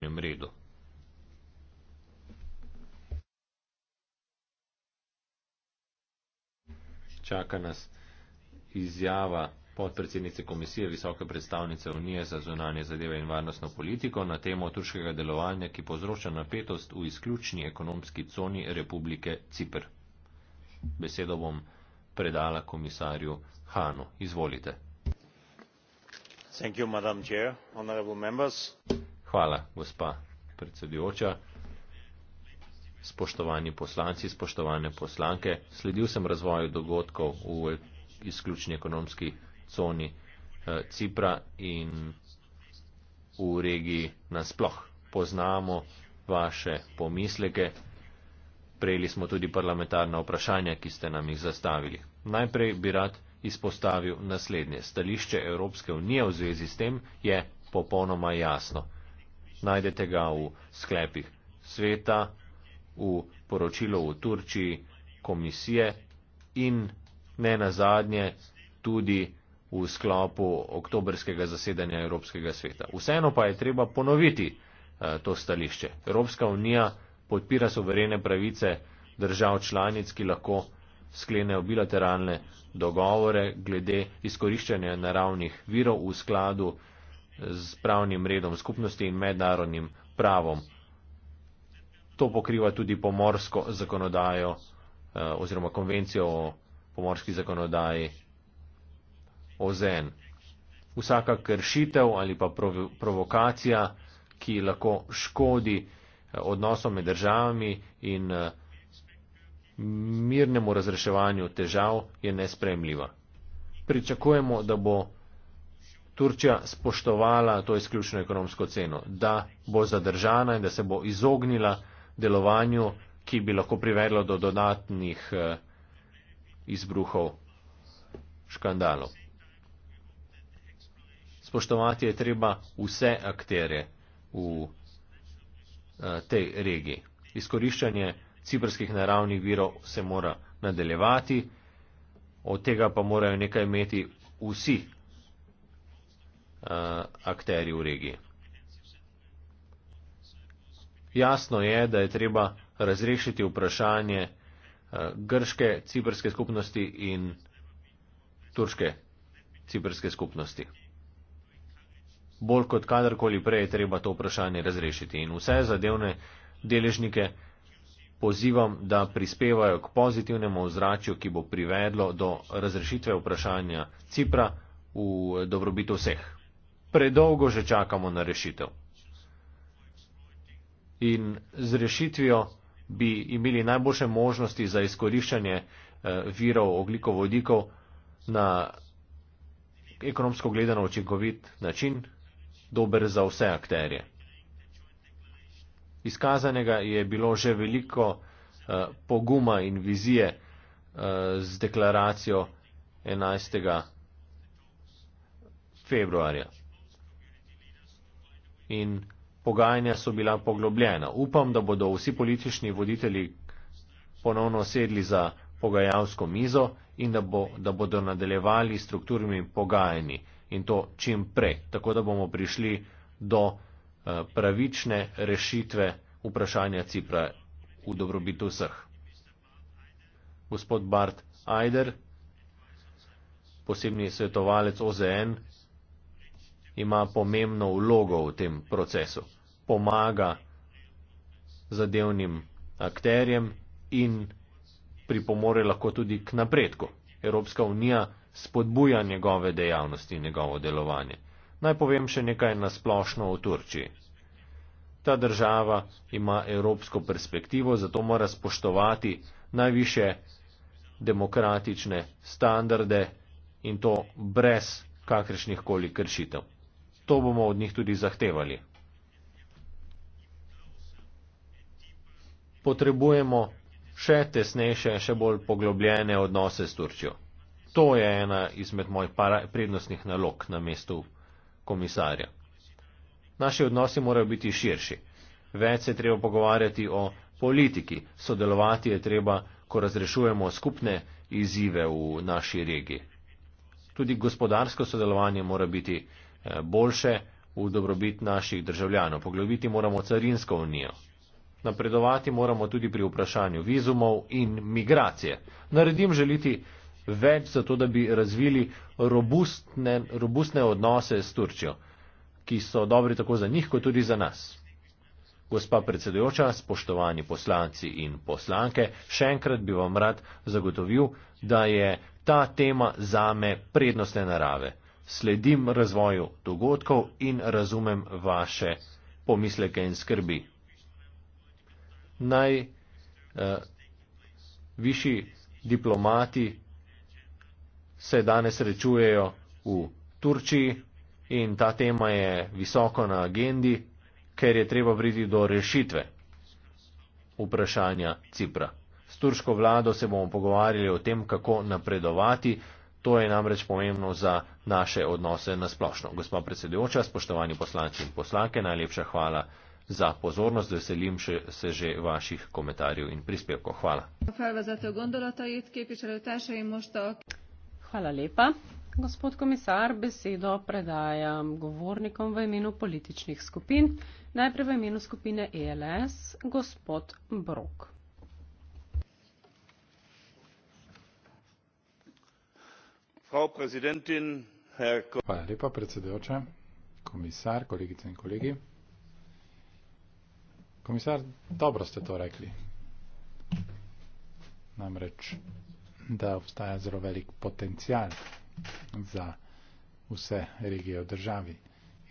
dnevnem redu. Čaka nas izjava podpredsednice komisije Visoke predstavnice Unije za zunanje zadeve in varnostno politiko na temo turškega delovanja, ki povzroča napetost v izključni ekonomski coni Republike Cipr. Besedo bom predala komisarju Hanu. Izvolite. Thank you, Madam Chair, Honorable Members. Hvala, gospa predsedujoča. Spoštovani poslanci, spoštovane poslanke, sledil sem razvoju dogodkov v izključni ekonomski coni eh, Cipra in v regiji nasploh. Poznamo vaše pomisleke. Prejeli smo tudi parlamentarna vprašanja, ki ste nam jih zastavili. Najprej bi rad izpostavil naslednje. Stališče Evropske unije v zvezi s tem je popolnoma jasno najdete ga v sklepih sveta, v poročilu v Turčiji komisije in ne nazadnje tudi v sklopu oktobrskega zasedanja Evropskega sveta. Vseeno pa je treba ponoviti eh, to stališče. Evropska unija podpira soverene pravice držav članic, ki lahko sklenejo bilateralne dogovore glede izkoriščanja naravnih virov v skladu z pravnim redom skupnosti in mednarodnim pravom. To pokriva tudi pomorsko zakonodajo eh, oziroma konvencijo o pomorski zakonodaji OZN. Vsaka kršitev ali pa provokacija, ki lahko škodi eh, odnosom med državami in eh, mirnemu razreševanju težav, je nespremljiva. Pričakujemo, da bo Turčija spoštovala to izključno ekonomsko ceno, da bo zadržana in da se bo izognila delovanju, ki bi lahko privedlo do dodatnih eh, izbruhov škandalov. Spoštovati je treba vse akterje v eh, tej regiji. Izkoriščanje ciprskih naravnih virov se mora nadaljevati, od tega pa morajo nekaj imeti vsi Eh, akterji v regiji. Jasno je, da je treba razrešiti vprašanje eh, grške ciprske skupnosti in turške ciprske skupnosti. Bolj kot kadarkoli prej je treba to vprašanje razrešiti in vse zadevne deležnike pozivam, da prispevajo k pozitivnemu ozračju, ki bo privedlo do razrešitve vprašanja Cipra v dobrobitu vseh predolgo že čakamo na rešitev. In z rešitvijo bi imeli najboljše možnosti za izkoriščanje eh, virov oglikovodikov na ekonomsko gledano učinkovit način, dober za vse akterje. Izkazanega je bilo že veliko eh, poguma in vizije eh, z deklaracijo 11. februarja in pogajanja so bila poglobljena. Upam, da bodo vsi politični voditelji ponovno sedli za pogajalsko mizo in da, bo, da bodo nadaljevali strukturnimi pogajanji in to čim prej, tako da bomo prišli do eh, pravične rešitve vprašanja Cipra v dobrobit vseh. Gospod Bart Ajder, posebni svetovalec OZN, ima pomembno vlogo v tem procesu. Pomaga zadevnim akterjem in pripomore lahko tudi k napredku. Evropska unija spodbuja njegove dejavnosti in njegovo delovanje. Naj povem še nekaj nasplošno o Turčiji. Ta država ima evropsko perspektivo, zato mora spoštovati najviše demokratične standarde in to brez kakršnih koli kršitev to bomo od njih tudi zahtevali. Potrebujemo še tesnejše, še bolj poglobljene odnose s Turčjo. To je ena izmed mojih prednostnih nalog na mestu komisarja. Naši odnosi morajo biti širši. Več se je treba pogovarjati o politiki, sodelovati je treba, ko razrešujemo skupne izzive v naši regiji. Tudi gospodarsko sodelovanje mora biti Eh, boljše v dobrobit naših državljanov. Poglobiti moramo carinsko unijo. Napredovati moramo tudi pri vprašanju vizumov in migracije. Naredim želiti več za to, da bi razvili robustne, robustne odnose s Turčjo, ki so dobri tako za njih, kot tudi za nas. Gospa predsedujoča, spoštovani poslanci in poslanke, še enkrat bi vam rad zagotovil, da je ta tema zame prednostne narave sledim razvoju dogodkov in razumem vaše pomisleke in skrbi. Naj eh, višji diplomati se danes rečujejo v Turčiji in ta tema je visoko na agendi, ker je treba priti do rešitve vprašanja Cipra. S turško vlado se bomo pogovarjali o tem, kako napredovati, To je namreč pomembno za naše odnose na splošno. Gospod predsedujoča, spoštovani poslanci in poslanke, najlepša hvala za pozornost. Veselim še, se že vaših komentarjev in prispevkov. Hvala. Hvala lepa. Gospod komisar, besedo predajam govornikom v imenu političnih skupin. Najprej v imenu skupine ELS, gospod Brok. hvala lepa predsedujoča komisar kolegice in kolegi komisar dobro ste to rekli namreč da obstaja zelo velik potencial za vse regije v državi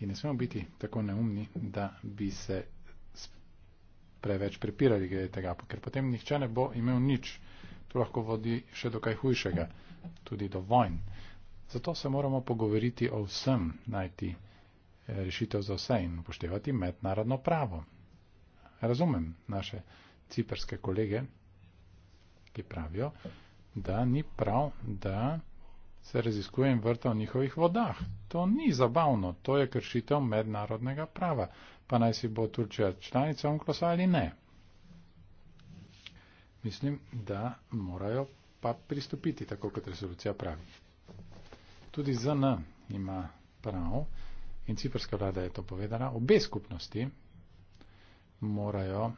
in ne smemo biti tako neumni da bi se preveč prepirali glede tega ker potem nihče ne bo imel nič to lahko vodi še do kaj hujšega tudi do vojn. Zato se moramo pogovoriti o vsem, najti eh, rešitev za vse in upoštevati mednarodno pravo. Razumem naše ciperske kolege, ki pravijo, da ni prav, da se raziskuje in vrta v njihovih vodah. To ni zabavno, to je kršitev mednarodnega prava, pa naj si bo Turčija članica onklosa ali ne. Mislim, da morajo pa pristopiti, tako kot resolucija pravi. Tudi ZN ima prav in ciprska vlada je to povedala, obe skupnosti morajo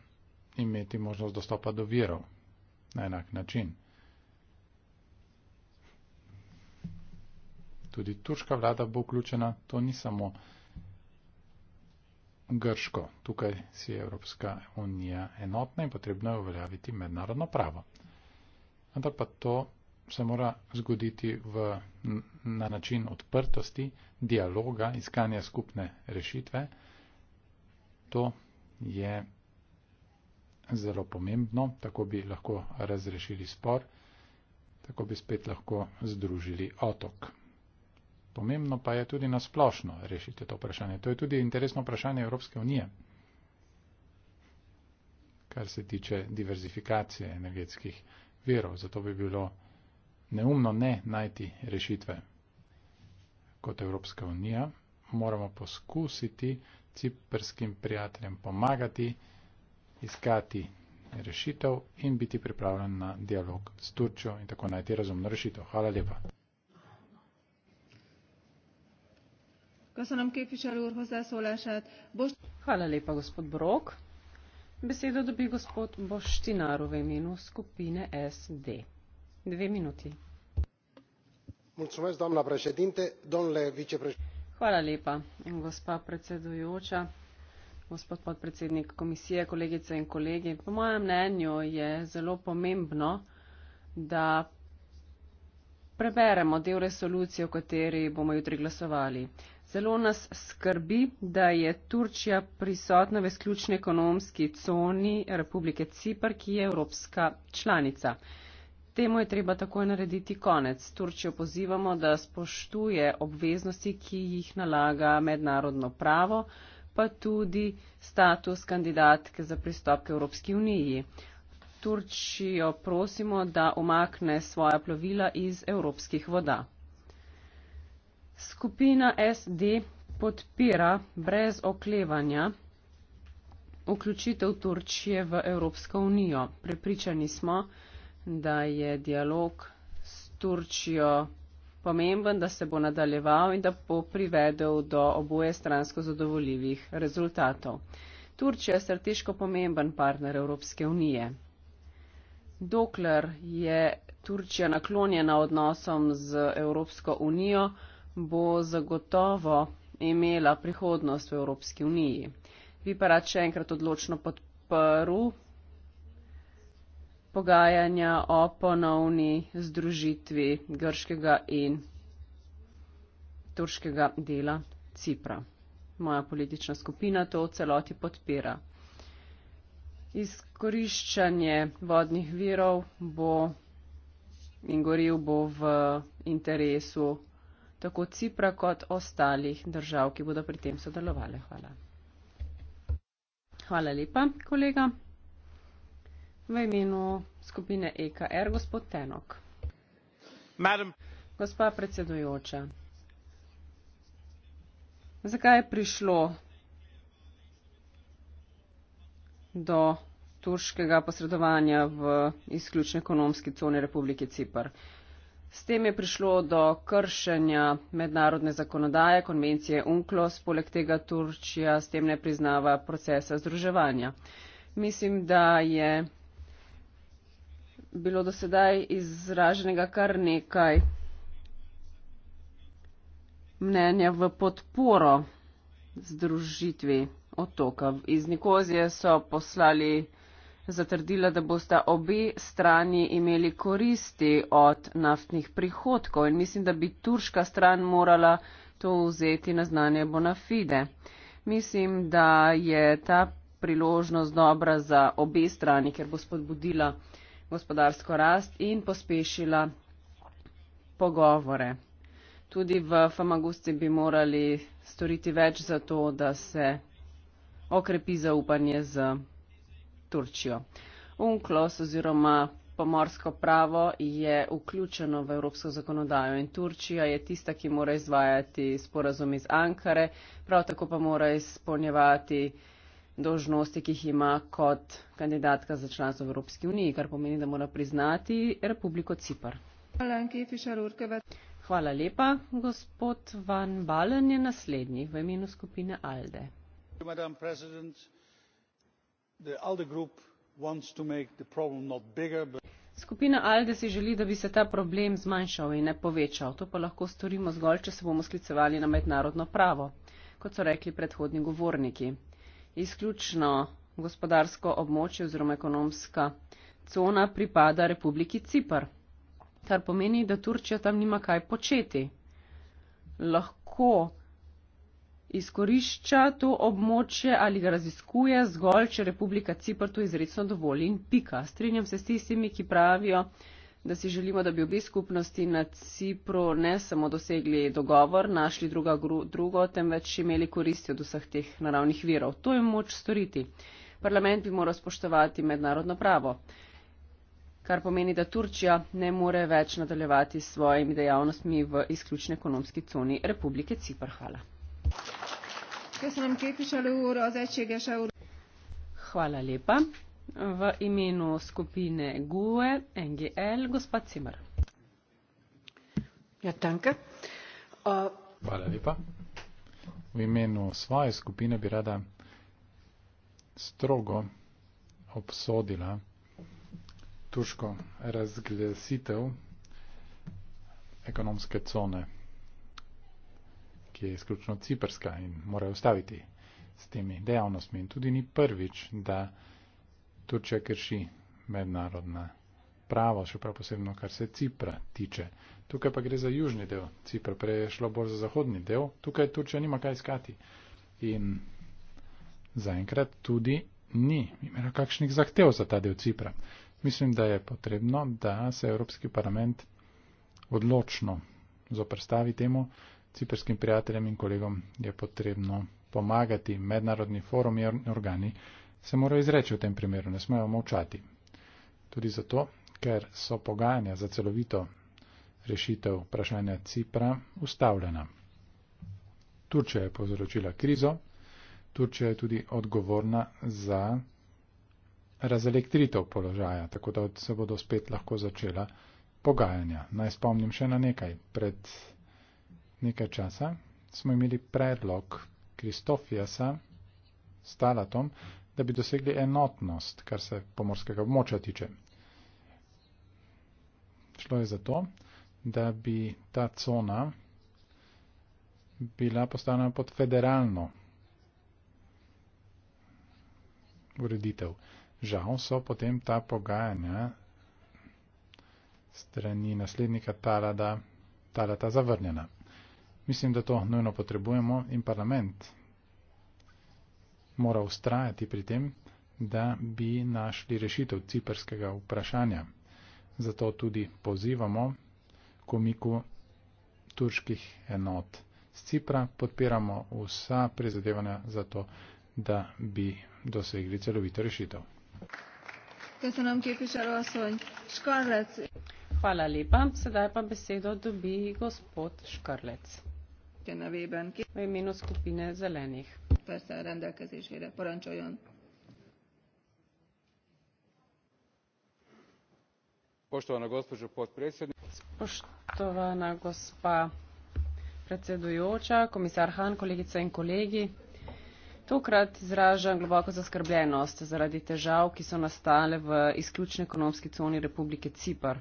imeti možnost dostopa do virov na enak način. Tudi turška vlada bo vključena, to ni samo grško. Tukaj si je Evropska unija enotna in potrebno je uveljaviti mednarodno pravo ampak pa to se mora zgoditi v, na način odprtosti, dialoga, iskanja skupne rešitve. To je zelo pomembno, tako bi lahko razrešili spor, tako bi spet lahko združili otok. Pomembno pa je tudi na splošno rešiti to vprašanje. To je tudi interesno vprašanje Evropske unije, kar se tiče diverzifikacije energetskih vero, zato bi bilo neumno ne najti rešitve. Kot Evropska unija moramo poskusiti ciprskim prijateljem pomagati, iskati rešitev in biti pripravljen na dialog s Turčjo in tako najti razumno rešitev. Hvala lepa. Hvala lepa, gospod Brok. Besedo dobi gospod Boštinar v imenu skupine SD. Dve minuti. Mulțumesc, doamna președinte, domnule vicepreședinte. Hvala lepa, gospa predsedujoča, gospod podpredsednik komisije, kolegice in kolegi. Po mojem mnenju je zelo pomembno, da preberemo del resolucije, o kateri bomo jutri glasovali. Zelo nas skrbi, da je Turčija prisotna v izključni ekonomski coni Republike Cipr, ki je evropska članica. Temu je treba takoj narediti konec. Turčijo pozivamo, da spoštuje obveznosti, ki jih nalaga mednarodno pravo, pa tudi status kandidatke za pristop k Evropski uniji. Turčijo prosimo, da omakne svoja plovila iz evropskih voda. Skupina SD podpira brez oklevanja vključitev Turčije v Evropsko unijo. Prepričani smo, da je dialog s Turčijo pomemben, da se bo nadaljeval in da bo privedel do oboje stransko zadovoljivih rezultatov. Turčija je strateško pomemben partner Evropske unije. Dokler je Turčija naklonjena odnosom z Evropsko unijo, bo zagotovo imela prihodnost v Evropski uniji. Bi pa rad še enkrat odločno podprl pogajanja o ponovni združitvi grškega in turškega dela Cipra. Moja politična skupina to v celoti podpira. Izkoriščanje vodnih virov bo in goril bo v interesu tako Cipra kot ostalih držav, ki bodo pri tem sodelovali. Hvala. Hvala lepa, kolega. V imenu skupine EKR, gospod Tenok. Madam. Gospa predsedujoča, zakaj je prišlo do turškega posredovanja v izključni ekonomski coni Republike Cipr? S tem je prišlo do kršenja mednarodne zakonodaje, konvencije UNCLOS, poleg tega Turčija s tem ne priznava procesa združevanja. Mislim, da je bilo do sedaj izraženega kar nekaj mnenja v podporo združitvi otoka. Iz Nikozije so poslali zatrdila, da boste obe strani imeli koristi od naftnih prihodkov in mislim, da bi turška stran morala to vzeti na znanje Bonafide. Mislim, da je ta priložnost dobra za obe strani, ker bo spodbudila gospodarsko rast in pospešila pogovore. Tudi v Famagusti bi morali storiti več za to, da se okrepi zaupanje z. Za Turčijo. UNCLOS oziroma pomorsko pravo je vključeno v evropsko zakonodajo in Turčija je tista, ki mora izvajati sporazum iz Ankare, prav tako pa mora izpolnjevati dožnosti, ki jih ima kot kandidatka za članstvo v Evropski uniji, kar pomeni, da mora priznati Republiko Cipar. Hvala lepa. Gospod Van Balen je naslednji v imenu skupine ALDE. Madame President, Skupina ALDE si želi, da bi se ta problem zmanjšal in ne povečal. To pa lahko storimo zgolj, če se bomo sklicevali na mednarodno pravo, kot so rekli predhodni govorniki. Izključno gospodarsko območje oziroma ekonomska cona pripada Republiki Cipr, kar pomeni, da Turčija tam nima kaj početi. Lahko izkorišča to območje ali ga raziskuje zgolj, če Republika Cipr to izredno dovoli in pika. Strinjam se s tistimi, ki pravijo, da si želimo, da bi obi skupnosti na Cipru ne samo dosegli dogovor, našli druga, drugo, temveč imeli koristi od vseh teh naravnih virov. To je moč storiti. Parlament bi moral spoštovati mednarodno pravo, kar pomeni, da Turčija ne more več nadaljevati s svojimi dejavnostmi v izključni ekonomski coni Republike Cipr. Hvala. Thank you. Köszönöm, képviselő úr, az egységes euró. Hvala lepa. V imenu skupine GUE, NGL, gospod Cimer. Ja, tanke. Uh, Hvala lepa. V imenu svoje skupine bi rada strogo obsodila tuško razglasitev ekonomske cone ki je izključno ciperska in mora ustaviti s temi dejavnostmi. In tudi ni prvič, da Turčija krši mednarodna pravo, še prav posebno, kar se Cipra tiče. Tukaj pa gre za južni del Cipra, prej je šlo bolj za zahodni del, tukaj Turčija nima kaj iskati. In zaenkrat tudi ni imela kakšnih zahtev za ta del Cipra. Mislim, da je potrebno, da se Evropski parlament odločno zoprstavi temu, ciperskim prijateljem in kolegom je potrebno pomagati. Mednarodni forum in organi se morajo izreči v tem primeru, ne smejo molčati. Tudi zato, ker so pogajanja za celovito rešitev vprašanja Cipra ustavljena. Turčija je povzročila krizo, Turčija je tudi odgovorna za razelektritev položaja, tako da se bodo spet lahko začela pogajanja. Naj spomnim še na nekaj. Pred nekaj časa smo imeli predlog Kristofijasa s Talatom, da bi dosegli enotnost, kar se pomorskega območja tiče. Šlo je za to, da bi ta cona bila postavljena pod federalno ureditev. Žal so potem ta pogajanja strani naslednika Talada, Talata zavrnjena. Mislim, da to nujno potrebujemo in parlament mora ustrajati pri tem, da bi našli rešitev ciperskega vprašanja. Zato tudi pozivamo komiku turških enot z Cipra, podpiramo vsa prizadevanja za to, da bi dosegli celovito rešitev. Hvala lepa. Sedaj pa besedo dobi gospod Škrlec nevében. V imenu skupine zelenih. Persze a rendelkezésére parancsoljon. Poštovana gospođo potpredsjednice. Poštovana gospa predsedujoča, komisar Han, kolegice in kolegi. Tokrat izražam globoko zaskrbljenost zaradi težav, ki so nastale v izključni ekonomski coni Republike Cipar.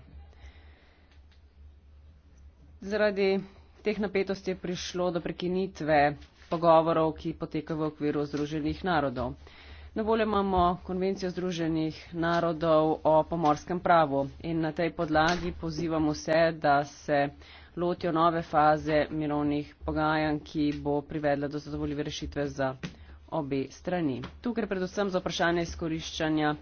Zaradi teh napetosti je prišlo do prekinitve pogovorov, ki potekajo v okviru Združenih narodov. Na voljo imamo konvencijo Združenih narodov o pomorskem pravu in na tej podlagi pozivamo vse, da se lotijo nove faze mirovnih pogajanj, ki bo privedla do zadovoljive rešitve za obe strani. Tukaj predvsem za vprašanje izkoriščanja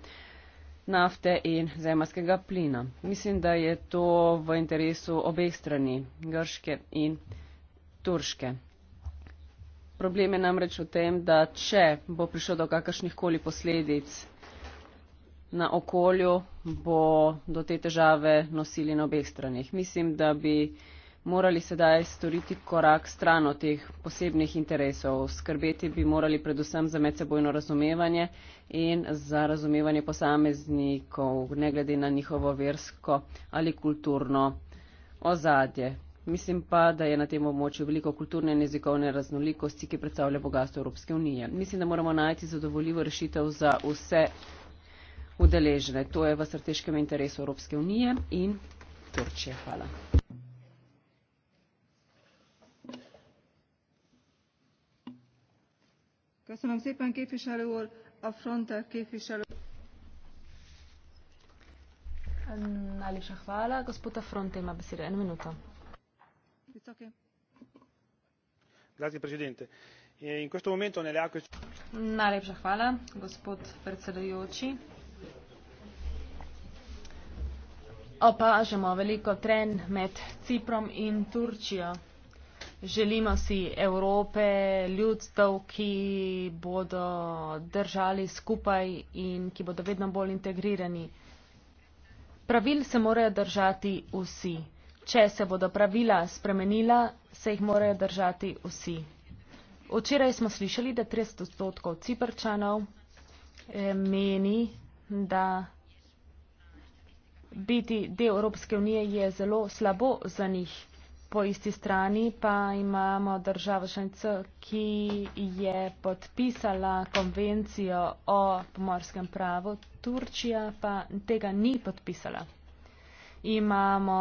nafte in zemljskega plina. Mislim, da je to v interesu obeh strani, grške in turške. Problem je namreč v tem, da če bo prišlo do kakršnih koli posledic na okolju, bo do te težave nosili na obeh stranih. Mislim, da bi morali sedaj storiti korak stran od teh posebnih interesov. Skrbeti bi morali predvsem za medsebojno razumevanje in za razumevanje posameznikov, ne glede na njihovo versko ali kulturno ozadje. Mislim pa, da je na tem območju veliko kulturne in jezikovne raznolikosti, ki predstavlja bogatstvo Evropske unije. Mislim, da moramo najti zadovoljivo rešitev za vse udeležene. To je v strateškem interesu Evropske unije in Turčije. Hvala. Köszönöm szépen, képviselő úr. A Fronter képviselő. Nali Sahvala, gospod Fronte ima besedo. En minuto. E, Najlepša hvala, gospod predsedujoči. Opažamo veliko tren med Ciprom in Turčijo. Želimo si Evrope, ljudstv, ki bodo držali skupaj in ki bodo vedno bolj integrirani. Pravil se morajo držati vsi. Če se bodo pravila spremenila, se jih morajo držati vsi. Včeraj smo slišali, da 30 odstotkov ciprčanov eh, meni, da biti del Evropske unije je zelo slabo za njih po isti strani pa imamo državo šanico, ki je podpisala konvencijo o pomorskem pravu, Turčija pa tega ni podpisala. Imamo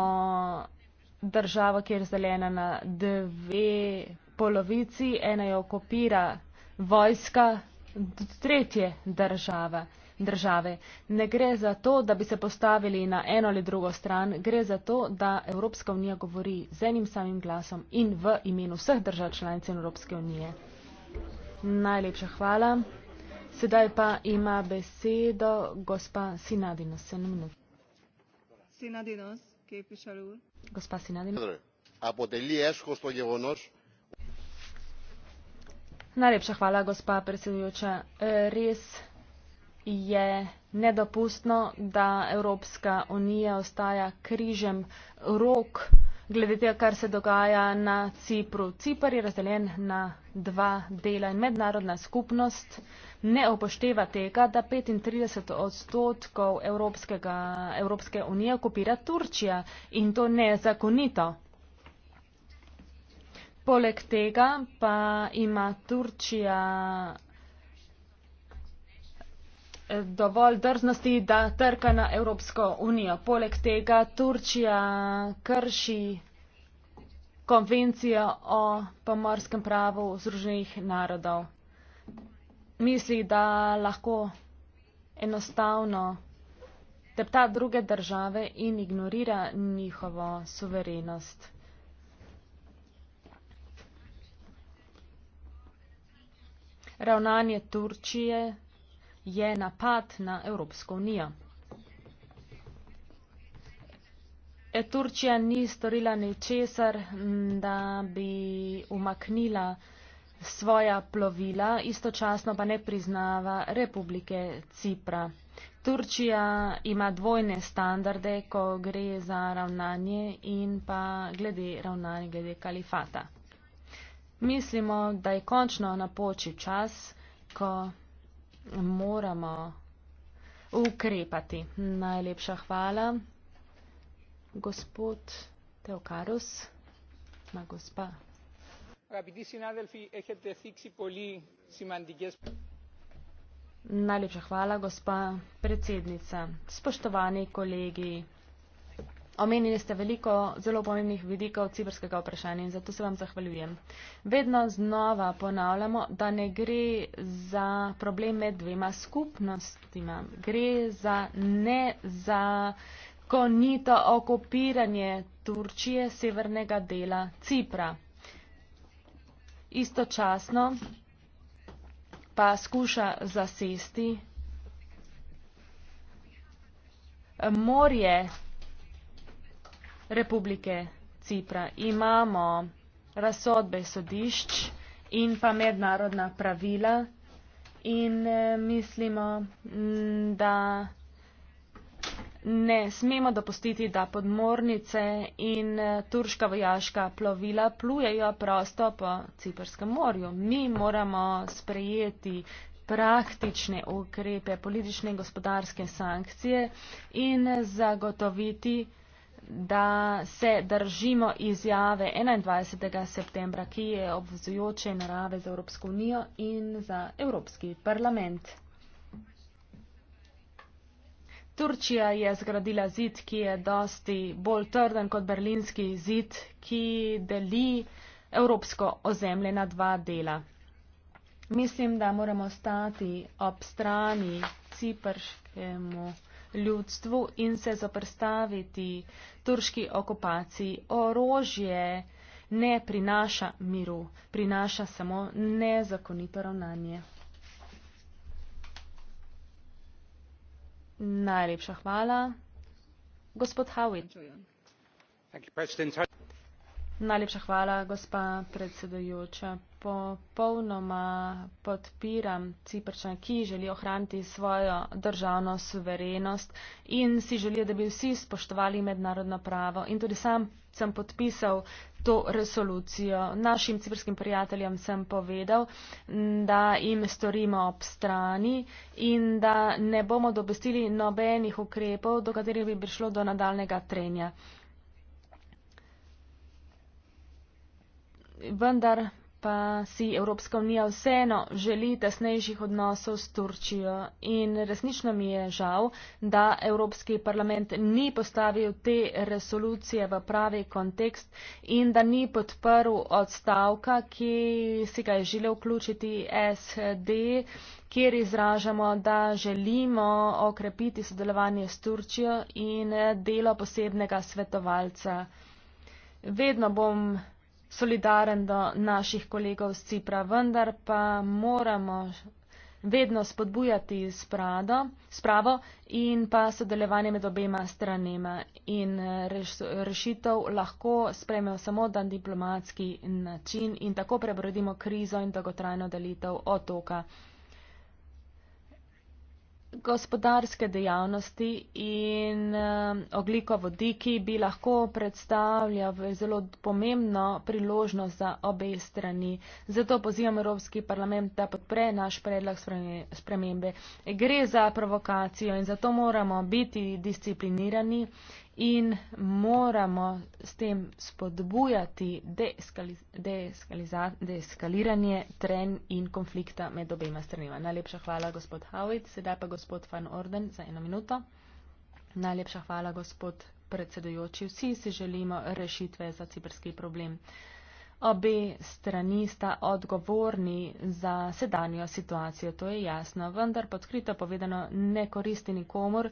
državo, ki je razdeljena na dve polovici, ena je okupira vojska, tretje država države. Ne gre za to, da bi se postavili na eno ali drugo stran, gre za to, da Evropska unija govori z enim samim glasom in v imenu vseh držav članic Evropske unije. Najlepša hvala. Sedaj pa ima besedo gospa Sinadinos. Sinadinos, ki je prišel. Gospa Sinadinos. Najlepša hvala, gospa predsedujoča. Res je nedopustno, da Evropska unija ostaja križem rok glede tega, kar se dogaja na Cipru. Cipr je razdeljen na dva dela in mednarodna skupnost ne upošteva tega, da 35 odstotkov Evropske unije okupira Turčija in to nezakonito. Poleg tega pa ima Turčija dovolj drznosti, da trka na Evropsko unijo. Poleg tega Turčija krši konvencijo o pomorskem pravu Združenih narodov. Misli, da lahko enostavno tepta druge države in ignorira njihovo suverenost. Ravnanje Turčije je napad na Evropsko unijo. E, Turčija ni storila ničesar, da bi umaknila svoja plovila, istočasno pa ne priznava Republike Cipra. Turčija ima dvojne standarde, ko gre za ravnanje in pa glede ravnanja glede kalifata. Mislimo, da je končno napočil čas, ko moramo ukrepati. Najlepša hvala. Gospod Teokarus, ma gospa. Najlepša hvala, gospa predsednica. Spoštovani kolegi, Omenili ste veliko zelo pomembnih vidikov ciberskega vprašanja in zato se vam zahvaljujem. Vedno znova ponavljamo, da ne gre za problem med dvema skupnostima. Gre za ne za konito okupiranje Turčije severnega dela Cipra. Istočasno pa skuša zasesti morje Republike Cipra. Imamo razsodbe sodišč in pa mednarodna pravila in eh, mislimo, mm, da ne smemo dopustiti, da podmornice in eh, turška vojaška plovila plujejo prosto po Ciprskem morju. Mi moramo sprejeti praktične ukrepe, politične in gospodarske sankcije in eh, zagotoviti, da se držimo izjave 21. septembra, ki je obvzujoče narave za Evropsko unijo in za Evropski parlament. Turčija je zgradila zid, ki je dosti bolj trden kot berlinski zid, ki deli evropsko ozemlje na dva dela. Mislim, da moramo stati ob strani ciprškemu ljudstvu in se zaprstaviti turški okupaciji. Orožje ne prinaša miru, prinaša samo nezakonito ravnanje. Najlepša hvala, gospod Howitt. Najlepša hvala, gospa predsedujoča. Popolnoma podpiram Ciprčan, ki želi ohraniti svojo državno suverenost in si želi, da bi vsi spoštovali mednarodno pravo. In tudi sam sem podpisal to resolucijo. Našim ciprskim prijateljem sem povedal, da jim storimo ob strani in da ne bomo dopustili nobenih ukrepov, do katerih bi prišlo do nadaljnega trenja. vendar pa si Evropska unija vseeno želi tesnejših odnosov s Turčijo. In resnično mi je žal, da Evropski parlament ni postavil te resolucije v pravi kontekst in da ni podprl odstavka, ki si ga je želel vključiti SD kjer izražamo, da želimo okrepiti sodelovanje s Turčijo in delo posebnega svetovalca. Vedno bom solidaren do naših kolegov z Cipra, vendar pa moramo vedno spodbujati sprado, spravo in pa sodelovanje med obema stranema. In eh, rešitev lahko spremejo samo na diplomatski način in tako prebrodimo krizo in dolgotrajno delitev otoka gospodarske dejavnosti in um, oglikovodiki bi lahko predstavlja zelo pomembno priložnost za obe strani. Zato pozivam Evropski parlament, da podpre naš predlog spremembe. Gre za provokacijo in zato moramo biti disciplinirani, in moramo s tem spodbujati deeskaliranje tren in konflikta med obema stranima. Najlepša hvala, gospod Howitt. Sedaj pa gospod Van Orden za eno minuto. Najlepša hvala, gospod predsedujoči. Vsi si želimo rešitve za ciberski problem. Obe strani sta odgovorni za sedanjo situacijo, to je jasno, vendar podkrito povedano ne koristi nikomor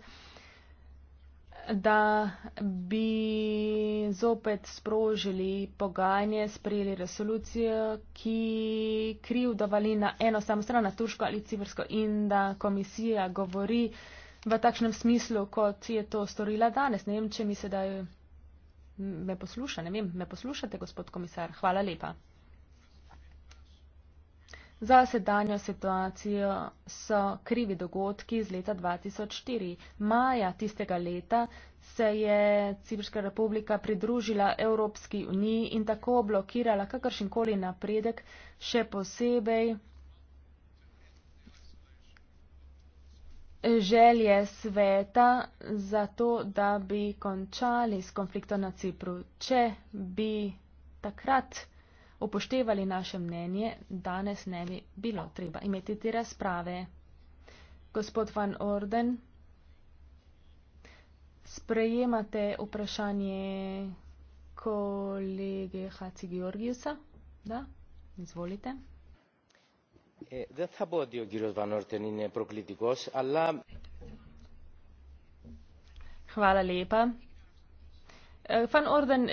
da bi zopet sprožili pogajanje, sprejeli resolucijo, ki krivdo vali na eno samo stran, na turško ali civilsko, in da komisija govori v takšnem smislu, kot je to storila danes. Ne vem, če mi se da me posluša, ne vem, me poslušate, gospod komisar. Hvala lepa. Za sedanjo situacijo so krivi dogodki iz leta 2004. Maja tistega leta se je Cipriška republika pridružila Evropski uniji in tako blokirala kakršenkoli napredek, še posebej želje sveta za to, da bi končali s konfliktom na Cipru. Če bi takrat upoštevali naše mnenje, danes ne bi bilo treba imeti te razprave. Gospod Van Orden, sprejemate vprašanje kolege Haci Georgijusa? Da, izvolite. Eh, e Hvala lepa. Fan eh, Orden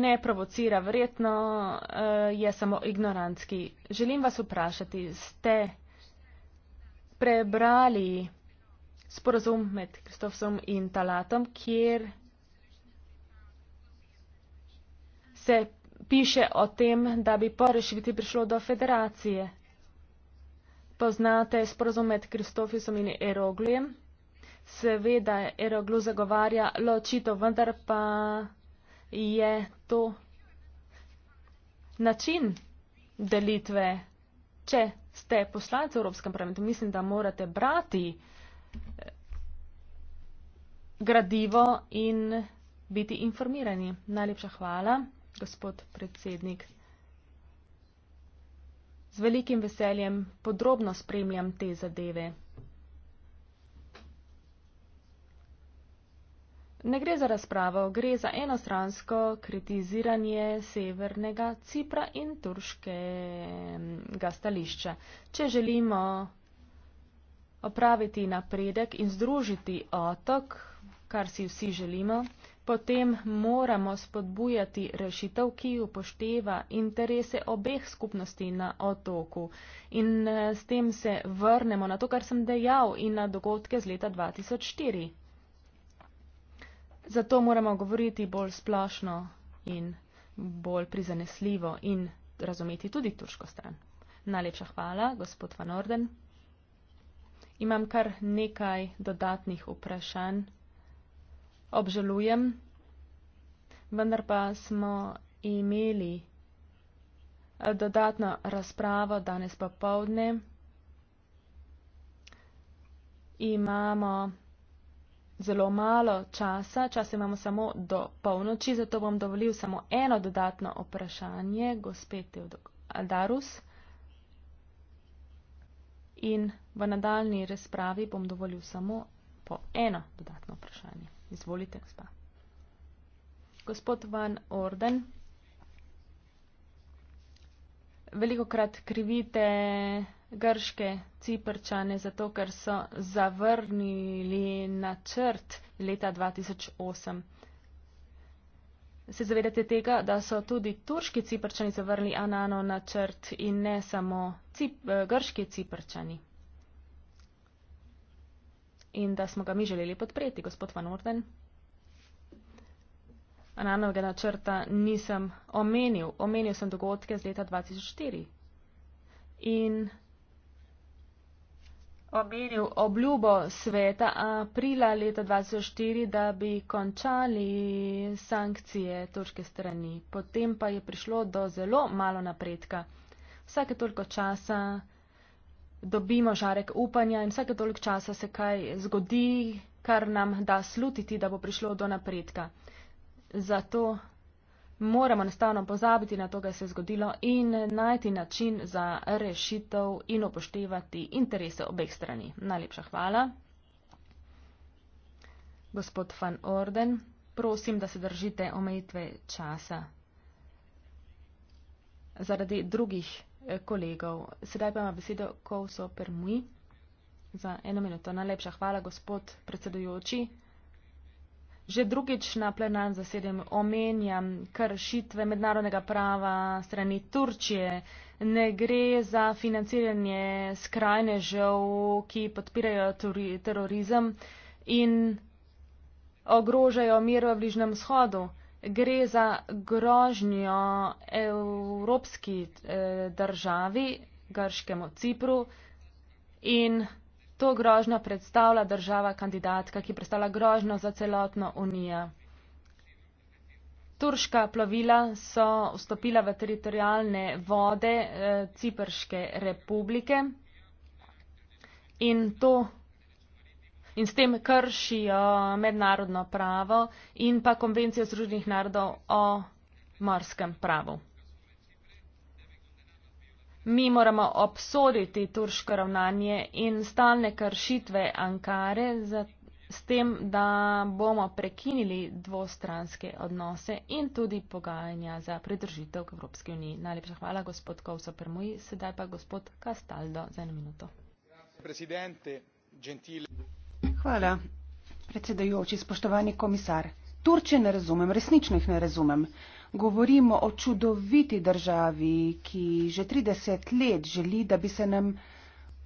ne provocira, verjetno eh, je samo ignorantski. Želim vas vprašati, ste prebrali sporozum med Kristofsom in Talatom, kjer se piše o tem, da bi po rešiti prišlo do federacije. Poznate sporozum med Kristofisom in Eroglijem? Seveda Eroglu zagovarja ločito, vendar pa je to način delitve. Če ste poslanci v Evropskem parlamentu, mislim, da morate brati eh, gradivo in biti informirani. Najlepša hvala, gospod predsednik. Z velikim veseljem podrobno spremljam te zadeve. Ne gre za razpravo, gre za enostransko kritiziranje severnega Cipra in turškega stališča. Če želimo opraviti napredek in združiti otok, kar si vsi želimo, potem moramo spodbujati rešitev, ki upošteva interese obeh skupnosti na otoku. In eh, s tem se vrnemo na to, kar sem dejal in na dogodke z leta 2004 zato moramo govoriti bolj splošno in bolj prizanesljivo in razumeti tudi turško stran. Najlepša hvala, gospod Van Orden. Imam kar nekaj dodatnih vprašanj. Obžalujem, vendar pa smo imeli eh, dodatno razpravo danes popovdne. Imamo zelo malo časa, čas imamo samo do polnoči, zato bom dovolil samo eno dodatno vprašanje, gospe Teodarus. In v nadaljni razpravi bom dovolil samo po eno dodatno vprašanje. Izvolite, gospa. Gospod Van Orden, veliko krat krivite grške ciprčane, zato ker so zavrnili načrt leta 2008. Se zavedate tega, da so tudi turški ciprčani zavrnili Anano načrt in ne samo cip, eh, grški ciprčani? In da smo ga mi želeli podpreti, gospod Van Orden? Ananovega načrta nisem omenil. Omenil sem dogodke z leta 2004. In omenil obljubo sveta aprila leta 2004, da bi končali sankcije turške strani. Potem pa je prišlo do zelo malo napredka. Vsake toliko časa dobimo žarek upanja in vsake toliko časa se kaj zgodi, kar nam da slutiti, da bo prišlo do napredka. Zato moramo enostavno pozabiti na to, kaj se je zgodilo in najti način za rešitev in upoštevati interese obeh strani. Najlepša hvala. Gospod Van Orden, prosim, da se držite omejitve časa zaradi drugih eh, kolegov. Sedaj pa ima besedo Kouso Permui za eno minuto. Najlepša hvala, gospod predsedujoči že drugič na plenarnem zasedanju omenjam kršitve mednarodnega prava strani Turčije. Ne gre za financiranje skrajnežev, ki podpirajo terorizem in ogrožajo mir v Bližnem shodu. Gre za grožnjo evropski eh, državi, grškemu Cipru in to grožnjo predstavlja država kandidatka, ki predstavlja grožnjo za celotno unijo. Turška plovila so vstopila v teritorijalne vode eh, Ciprške republike in, to, in s tem kršijo mednarodno pravo in pa konvencijo Združenih narodov o morskem pravu. Mi moramo obsoditi turško ravnanje in stalne kršitve Ankare za, s tem, da bomo prekinili dvostranske odnose in tudi pogajanja za pridržitev k Evropski uniji. Najlepša hvala, gospod Kovso Permuji, sedaj pa gospod Kastaldo za eno minuto. Hvala, predsedajoči, spoštovani komisar. Turčije ne razumem, resnično jih ne razumem govorimo o čudoviti državi, ki že 30 let želi, da bi se nam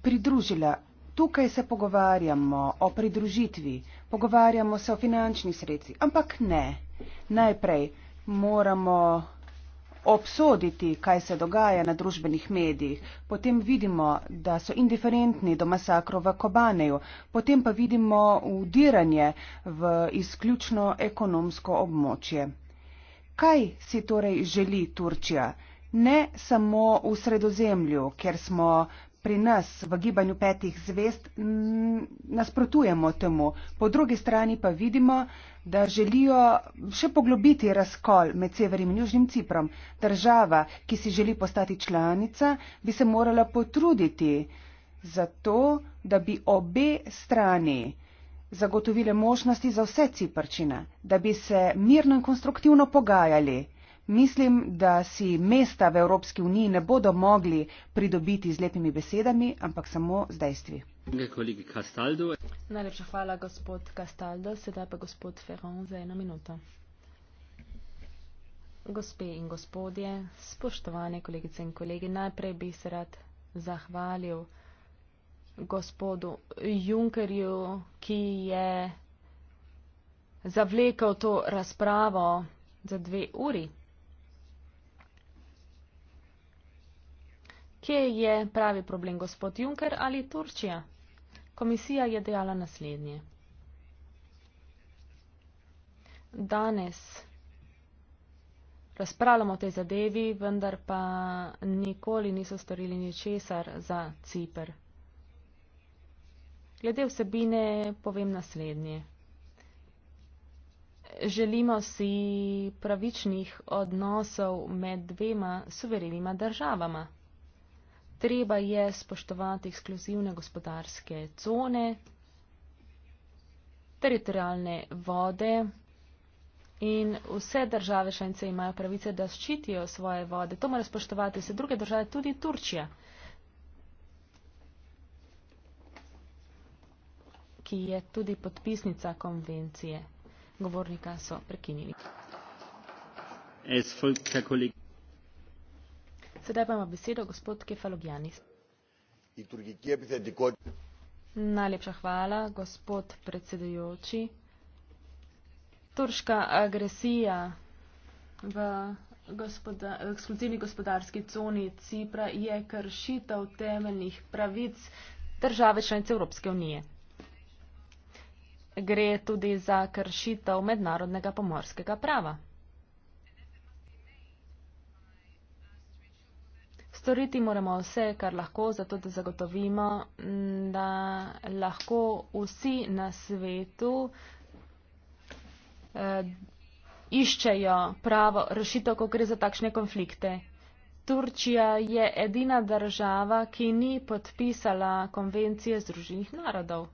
pridružila. Tukaj se pogovarjamo o pridružitvi, pogovarjamo se o finančni sredstvi, ampak ne. Najprej moramo obsoditi, kaj se dogaja na družbenih medijih, potem vidimo, da so indiferentni do masakrov v Kobaneju, potem pa vidimo udiranje v izključno ekonomsko območje kaj si torej želi Turčija, ne samo v sredozemlju, ker smo pri nas v gibanju petih zvest nasprotujemo temu, po drugi strani pa vidimo, da želijo še poglobiti razkol med severim in južnim Ciprom. Država, ki si želi postati članica, bi se morala potruditi za to, da bi obe strani zagotovile možnosti za vse ciprčine, da bi se mirno in konstruktivno pogajali. Mislim, da si mesta v Evropski uniji ne bodo mogli pridobiti z lepimi besedami, ampak samo z dejstvi. Najlepša hvala, gospod Castaldo. Sedaj pa gospod Ferron za eno minuto. Gospe in gospodje, spoštovane kolegice in kolegi, najprej bi se rad zahvalil gospodu Junkerju, ki je zavlekel to razpravo za dve uri. Kje je pravi problem, gospod Junker ali Turčija? Komisija je dejala naslednje. Danes razpravljamo o tej zadevi, vendar pa nikoli niso storili ničesar za Cipr. Glede vsebine povem naslednje. Želimo si pravičnih odnosov med dvema suverenima državama. Treba je spoštovati ekskluzivne gospodarske cone, teritorijalne vode in vse države šence imajo pravice, da ščitijo svoje vode. To mora spoštovati vse druge države, tudi Turčija. ki je tudi podpisnica konvencije. Govornika so prekinili. Sedaj pa ima besedo gospod Kefalogjanis. Najlepša hvala, gospod predsedujoči. Turška agresija v gospoda, ekskluzivni gospodarski coni Cipra je kršitev temeljnih pravic države članice Evropske unije gre tudi za kršitev mednarodnega pomorskega prava. Storiti moramo vse, kar lahko, zato da zagotovimo, mm, da lahko vsi na svetu eh, iščejo pravo rešitev, ko gre za takšne konflikte. Turčija je edina država, ki ni podpisala konvencije Združenih narodov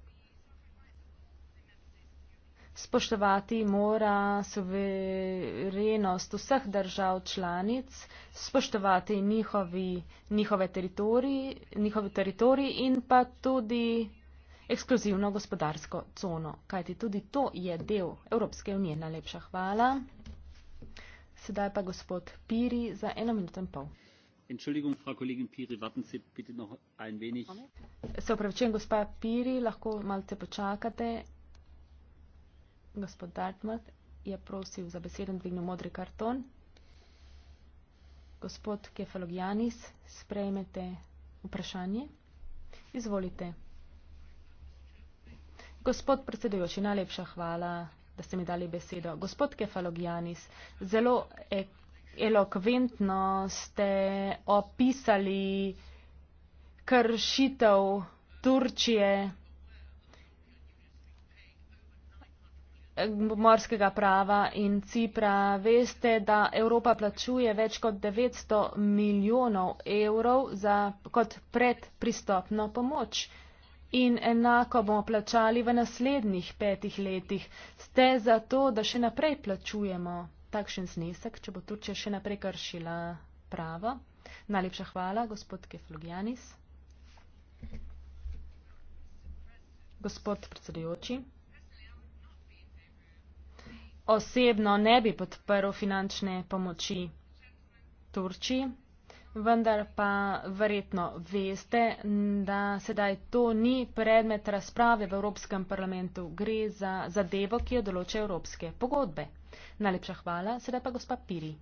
spoštovati mora suverenost vseh držav članic, spoštovati njihovi, njihove teritoriji, njihovi teritoriji in pa tudi ekskluzivno gospodarsko cono, kajti tudi to je del Evropske unije. Najlepša hvala. Sedaj pa gospod Piri za eno minuto in pol. Entschuldigung, Frau Kollegin Piri, warten Sie bitte noch ein wenig. Se opravičujem, gospa Piri, lahko malce počakate gospod Dartmouth je prosil za besedo in dvignil modri karton. Gospod Kefalogianis, sprejmete vprašanje. Izvolite. Gospod predsedujoči, najlepša hvala, da ste mi dali besedo. Gospod Kefalogianis, zelo e elokventno ste opisali kršitev Turčije. morskega prava in Cipra. Veste, da Evropa plačuje več kot 900 milijonov evrov za, kot predpristopno pomoč. In enako bomo plačali v naslednjih petih letih. Ste za to, da še naprej plačujemo takšen znesek, če bo Turčija še naprej kršila pravo? Najlepša hvala, gospod Keflugjanis. Gospod predsedujoči osebno ne bi podprl finančne pomoči Turčiji, vendar pa verjetno veste, da sedaj to ni predmet razprave v Evropskem parlamentu. Gre za zadevo, ki jo določa Evropske pogodbe. Najlepša hvala, sedaj pa gospa Piri.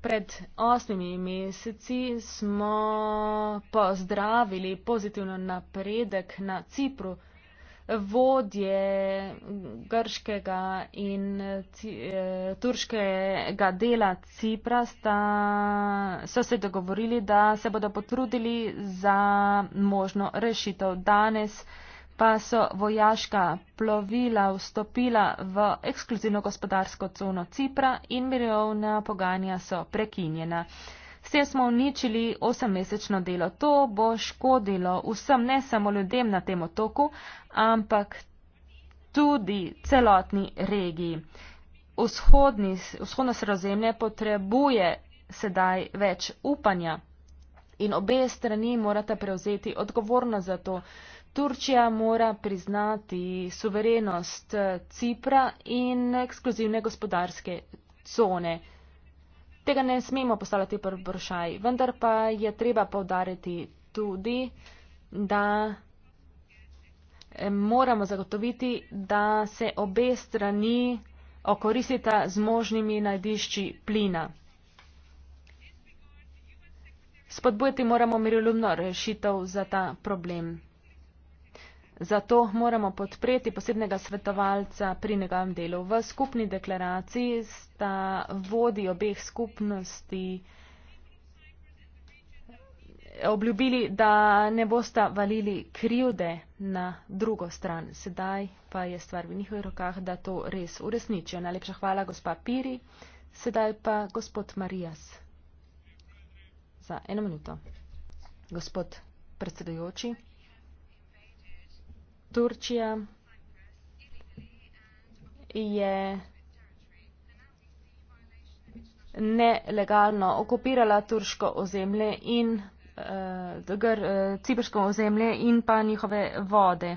Pred osmimi meseci smo pozdravili pozitivno napredek na Cipru vodje grškega in eh, turškega dela Cipra sta, so se dogovorili, da se bodo potrudili za možno rešitev. Danes pa so vojaška plovila vstopila v ekskluzivno gospodarsko cono Cipra in mirovna pogajanja so prekinjena. S tem smo uničili osemmesečno delo. To bo škodilo vsem, ne samo ljudem na tem otoku, ampak tudi celotni regiji. Vzhodni, vzhodno sredozemlje potrebuje sedaj več upanja in obe strani morata prevzeti odgovornost za to. Turčija mora priznati suverenost eh, Cipra in ekskluzivne gospodarske cone tega ne smemo postavljati vprašaj. Vendar pa je treba povdariti tudi, da eh, moramo zagotoviti, da se obe strani okoristita z možnimi najdišči plina. Spodbujati moramo miroljubno rešitev za ta problem. Zato moramo podpreti posebnega svetovalca pri njegovem delu. V skupni deklaraciji sta vodi obeh skupnosti obljubili, da ne bosta valili krivde na drugo stran. Sedaj pa je stvar v njihovih rokah, da to res uresničijo. Najlepša hvala, gospa Piri. Sedaj pa gospod Marijas. Za eno minuto. Gospod predsedujoči. Turčija je nelegalno okupirala turško ozemlje in eh, eh, ciprško ozemlje in pa njihove vode.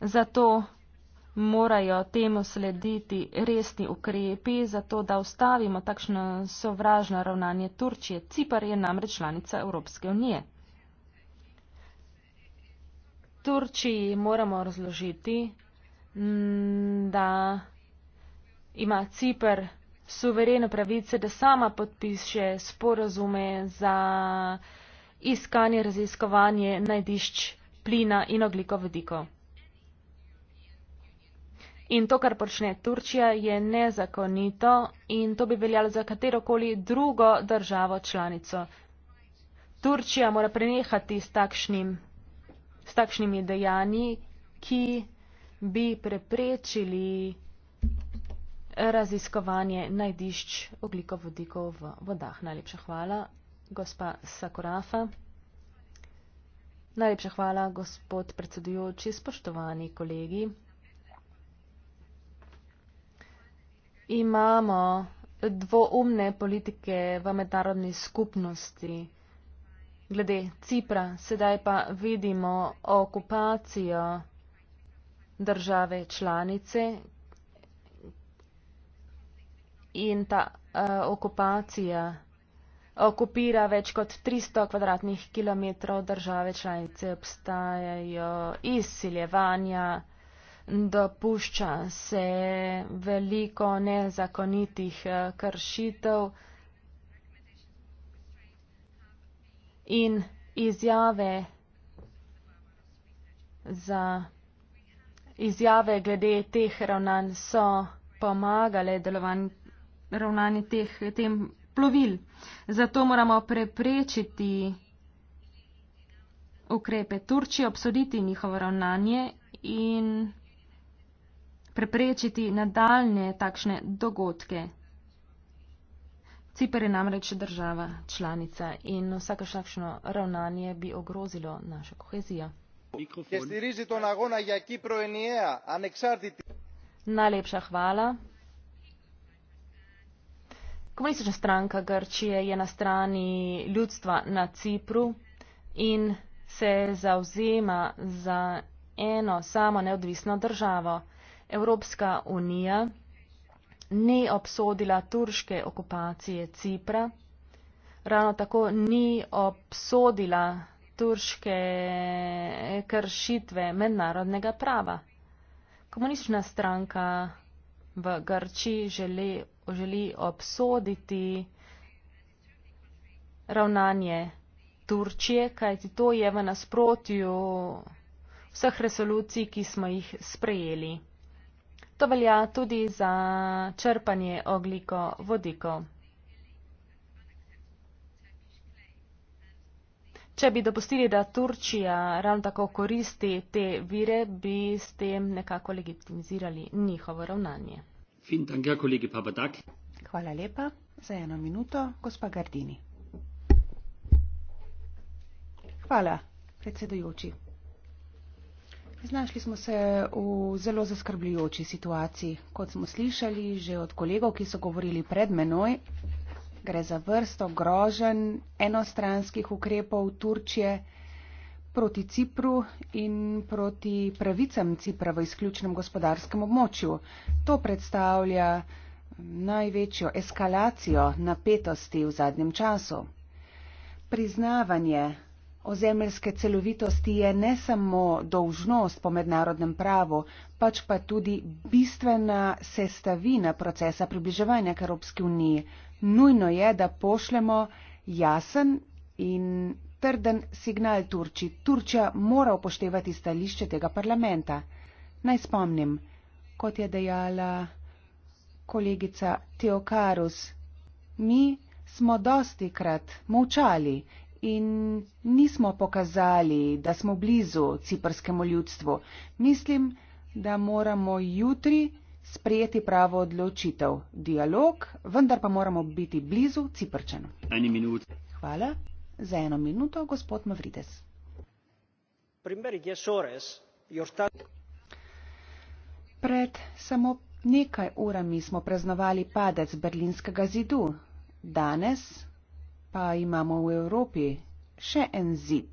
Zato morajo temu slediti resni ukrepi, zato da ustavimo takšno sovražno ravnanje Turčije. Cipar je namreč članica Evropske unije. Turčiji moramo razložiti, mm, da ima Cipr suvereno pravice, da sama podpiše sporazume za iskanje raziskovanje najdišč plina in oglikovodikov. In to, kar počne Turčija, je nezakonito in to bi veljalo za katerokoli drugo državo članico. Turčija mora prenehati s takšnim s takšnimi dejanji, ki bi preprečili raziskovanje najdišč oglikovodikov v vodah. Najlepša hvala, gospa Sakurafa. Najlepša hvala, gospod predsedujoči, spoštovani kolegi. Imamo dvoumne politike v mednarodni skupnosti glede Cipra, sedaj pa vidimo okupacijo države članice in ta uh, okupacija okupira več kot 300 kvadratnih kilometrov države članice, obstajajo izsiljevanja, dopušča se veliko nezakonitih uh, kršitev. in izjave za izjave glede teh ravnanj so pomagale ravnanje teh tem plovil. Zato moramo preprečiti ukrepe Turčije, obsoditi njihovo ravnanje in preprečiti nadaljne takšne dogodke. Cipr je namreč država članica in vsakašno ravnanje bi ogrozilo našo kohezijo. Ja Najlepša hvala. Komunistična stranka Grčije je na strani ljudstva na Cipru in se zauzema za eno samo neodvisno državo. Evropska unija ni obsodila turške okupacije Cipra, ravno tako ni obsodila turške kršitve mednarodnega prava. Komunistična stranka v Grči želi, želi obsoditi ravnanje Turčije, kajti to je v nasprotju vseh resolucij, ki smo jih sprejeli. To velja tudi za črpanje ogliko vodikov. Če bi dopustili, da Turčija ravno tako koristi te vire, bi s tem nekako legitimizirali njihovo ravnanje. Hvala lepa. Za eno minuto, gospa Gardini. Hvala, predsedujoči. Znašli smo se v zelo zaskrbljujoči situaciji. Kot smo slišali že od kolegov, ki so govorili pred menoj, gre za vrsto grožen enostranskih ukrepov Turčije proti Cipru in proti pravicam Cipra v izključnem gospodarskem območju. To predstavlja največjo eskalacijo napetosti v zadnjem času. Priznavanje Ozemeljske celovitosti je ne samo dolžnost po mednarodnem pravu, pač pa tudi bistvena sestavina procesa približevanja k Evropski uniji. Nujno je, da pošljemo jasen in trden signal Turčji. Turčja mora upoštevati stališče tega parlamenta. Naj spomnim, kot je dejala kolegica Teokarus, mi smo dosti krat molčali in nismo pokazali, da smo blizu ciprskemu ljudstvu. Mislim, da moramo jutri sprejeti pravo odločitev. Dialog, vendar pa moramo biti blizu ciprčanu. Hvala. Za eno minuto, gospod Mavrides. Pred samo nekaj urami smo praznovali padec berlinskega zidu. Danes pa imamo v Evropi še en zid.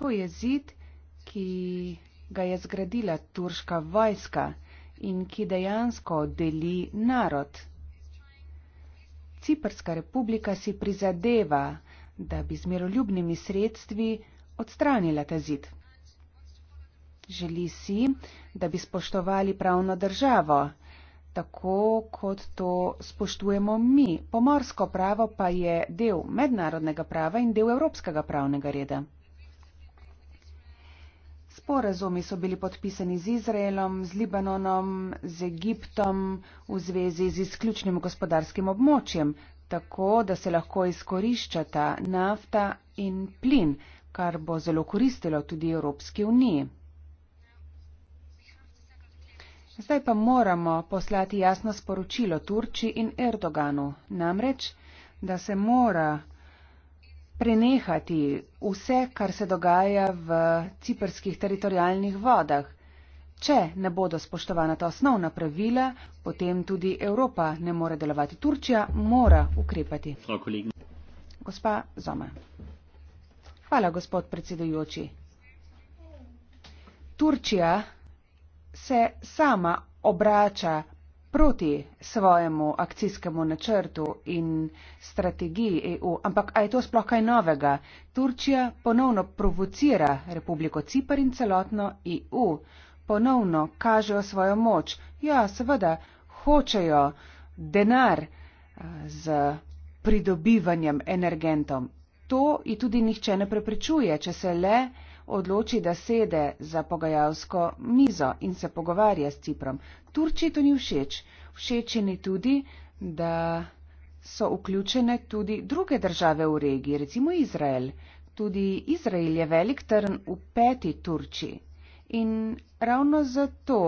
To je zid, ki ga je zgradila turška vojska in ki dejansko deli narod. Ciprska republika si prizadeva, da bi z miroljubnimi sredstvi odstranila ta zid. Želi si, da bi spoštovali pravno državo, tako kot to spoštujemo mi. Pomorsko pravo pa je del mednarodnega prava in del evropskega pravnega reda. Sporazumi so bili podpisani z Izraelom, z Libanonom, z Egiptom v zvezi z izključnim gospodarskim območjem, tako da se lahko izkoriščata nafta in plin, kar bo zelo koristilo tudi Evropski uniji. Zdaj pa moramo poslati jasno sporočilo Turčiji in Erdoganu, namreč, da se mora prenehati vse, kar se dogaja v ciperskih teritorijalnih vodah. Če ne bodo spoštovana ta osnovna pravila, potem tudi Evropa ne more delovati. Turčija mora ukrepati. Gospa Zoma. Hvala, gospod predsedujoči. Turčija se sama obrača proti svojemu akcijskemu načrtu in strategiji EU. Ampak a je to sploh kaj novega? Turčija ponovno provocira Republiko Cipar in celotno EU. Ponovno kažejo svojo moč. Ja, seveda, hočejo denar eh, z pridobivanjem energentom. To ji tudi nihče ne preprečuje, če se le odloči, da sede za pogajalsko mizo in se pogovarja s Ciprom. Turčiji to ni všeč. Všeč je tudi, da so vključene tudi druge države v regiji, recimo Izrael. Tudi Izrael je velik trn v peti Turčiji. In ravno zato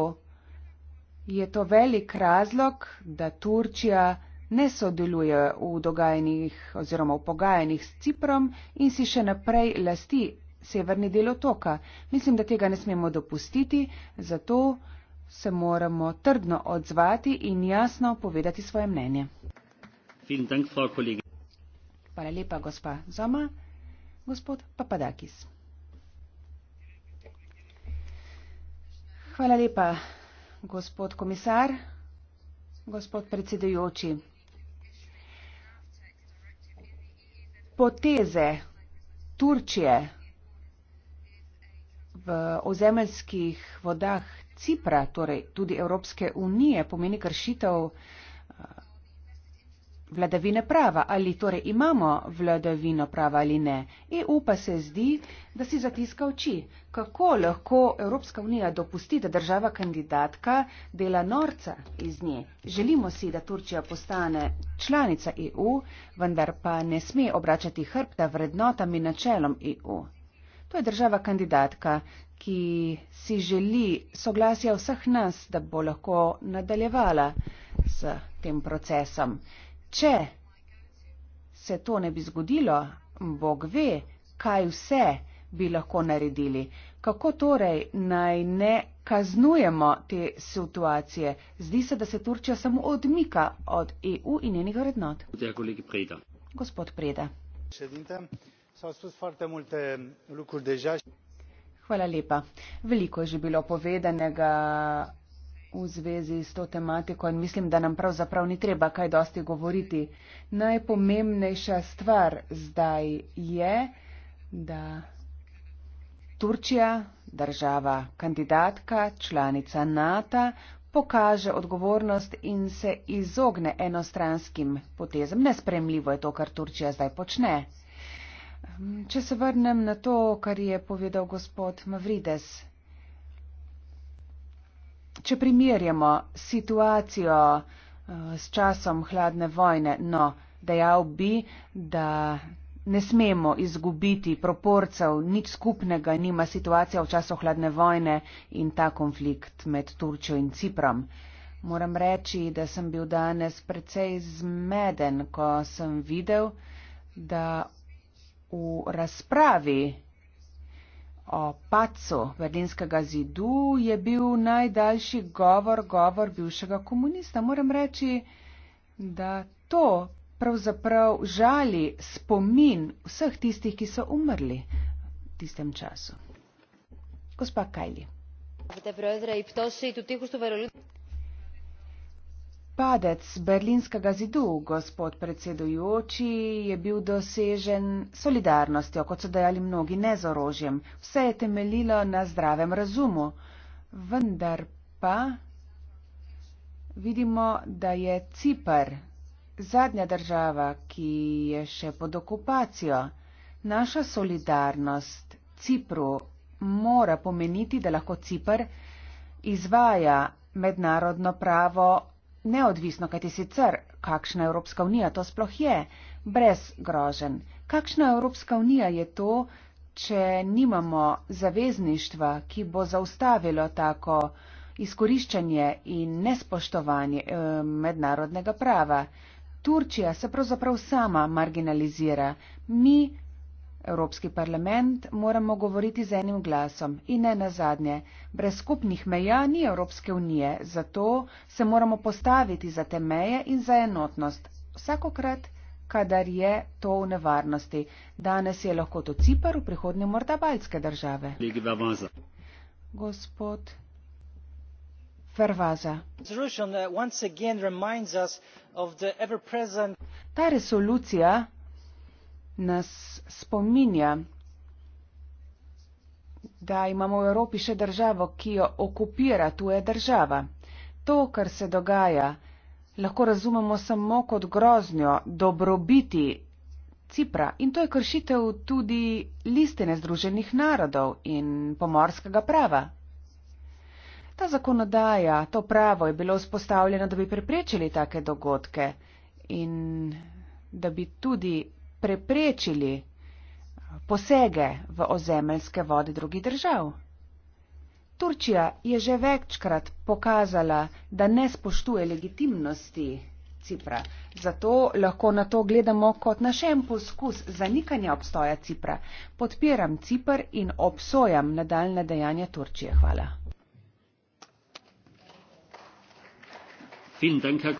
je to velik razlog, da Turčija ne sodeluje v dogajanjih oziroma v pogajanjih s Ciprom in si še naprej lasti severni del otoka. Mislim, da tega ne smemo dopustiti, zato se moramo trdno odzvati in jasno povedati svoje mnenje. Hvala lepa, gospa Zoma. Gospod Papadakis. Hvala lepa, gospod komisar, gospod predsedujoči. Poteze Turčije v ozemeljskih vodah Cipra, torej tudi Evropske unije, pomeni kršitev eh, vladavine prava. Ali torej imamo vladavino prava ali ne? EU pa se zdi, da si zatiska oči. Kako lahko Evropska unija dopusti, da država kandidatka dela norca iz nje? Želimo si, da Turčija postane članica EU, vendar pa ne sme obračati hrbta vrednotami in načelom EU. To je država kandidatka, ki si želi soglasja vseh nas, da bo lahko nadaljevala s tem procesom. Če se to ne bi zgodilo, Bog ve, kaj vse bi lahko naredili. Kako torej naj ne kaznujemo te situacije? Zdi se, da se Turčija samo odmika od EU in njenih vrednot. Gospod Preda. Sedite s au spus foarte multe lucruri deja. Hvala lepa. Veliko je že bilo povedanega v zvezi s to tematiko in mislim, da nam pravzaprav ni treba kaj dosti govoriti. Najpomembnejša stvar zdaj je, da Turčija, država kandidatka, članica NATO, pokaže odgovornost in se izogne enostranskim potezam. Nespremljivo je to, kar Turčija zdaj počne. Če se vrnem na to, kar je povedal gospod Mavrides. Če primerjamo situacijo eh, s časom hladne vojne, no, dejal bi, da ne smemo izgubiti proporcev, nič skupnega nima situacija v času hladne vojne in ta konflikt med Turčjo in Ciprom. Moram reči, da sem bil danes precej zmeden, ko sem videl, da v razpravi o pacu Berlinskega zidu je bil najdaljši govor, govor bivšega komunista. Moram reči, da to pravzaprav žali spomin vseh tistih, ki so umrli v tistem času. Gospa Kajli. Padec berlinskega zidu, gospod predsedujoči, je bil dosežen solidarnostjo, kot so dejali mnogi, ne z orožjem. Vse je temeljilo na zdravem razumu. Vendar pa vidimo, da je Cipr zadnja država, ki je še pod okupacijo. Naša solidarnost Cipru mora pomeniti, da lahko Cipr izvaja mednarodno pravo neodvisno, kaj ti sicer, kakšna Evropska unija to sploh je, brez grožen. Kakšna Evropska unija je to, če nimamo zavezništva, ki bo zaustavilo tako izkoriščanje in nespoštovanje eh, mednarodnega prava? Turčija se pravzaprav sama marginalizira. Mi Evropski parlament moramo govoriti z enim glasom in ne nazadnje. Brez skupnih meja ni Evropske unije, zato se moramo postaviti za te meje in za enotnost. Vsakokrat, kadar je to v nevarnosti. Danes je lahko to Cipr, v prihodnje morda baljske države. Gospod Fervaza. Uh, Ta resolucija nas spominja, da imamo v Evropi še državo, ki jo okupira tuja država. To, kar se dogaja, lahko razumemo samo kot groznjo dobrobiti Cipra in to je kršitev tudi listine Združenih narodov in pomorskega prava. Ta zakonodaja, to pravo je bilo vzpostavljeno, da bi preprečili take dogodke in da bi tudi preprečili posege v ozemeljske vode drugih držav. Turčija je že večkrat pokazala, da ne spoštuje legitimnosti Cipra, zato lahko na to gledamo kot na še en poskus zanikanja obstoja Cipra. Podpiram Cipr in obsojam nadaljne dejanja Turčije. Hvala. Vielen Dank, Herr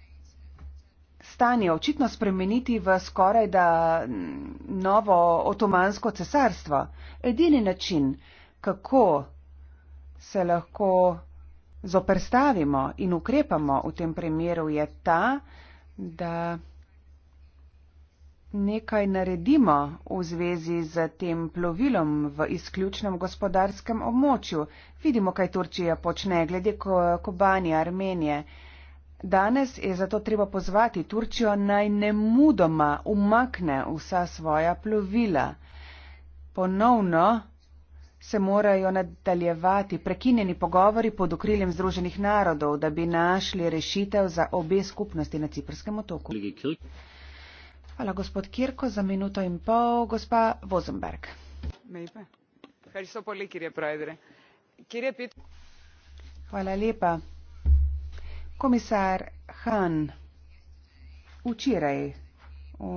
stanje očitno spremeniti v skoraj da novo otomansko cesarstvo. Edini način, kako se lahko zoprstavimo in ukrepamo v tem primeru, je ta, da nekaj naredimo v zvezi z tem plovilom v izključnem gospodarskem območju. Vidimo, kaj Turčija počne glede Kobani, Armenije. Danes je zato treba pozvati Turčijo naj ne mudoma umakne vsa svoja plovila. Ponovno se morajo nadaljevati prekinjeni pogovori pod okriljem Združenih narodov, da bi našli rešitev za obe skupnosti na Ciprskem otoku. Hvala gospod Kirko za minuto in pol, gospa Vozenberg. Hvala lepa. Komisar Han, včeraj v,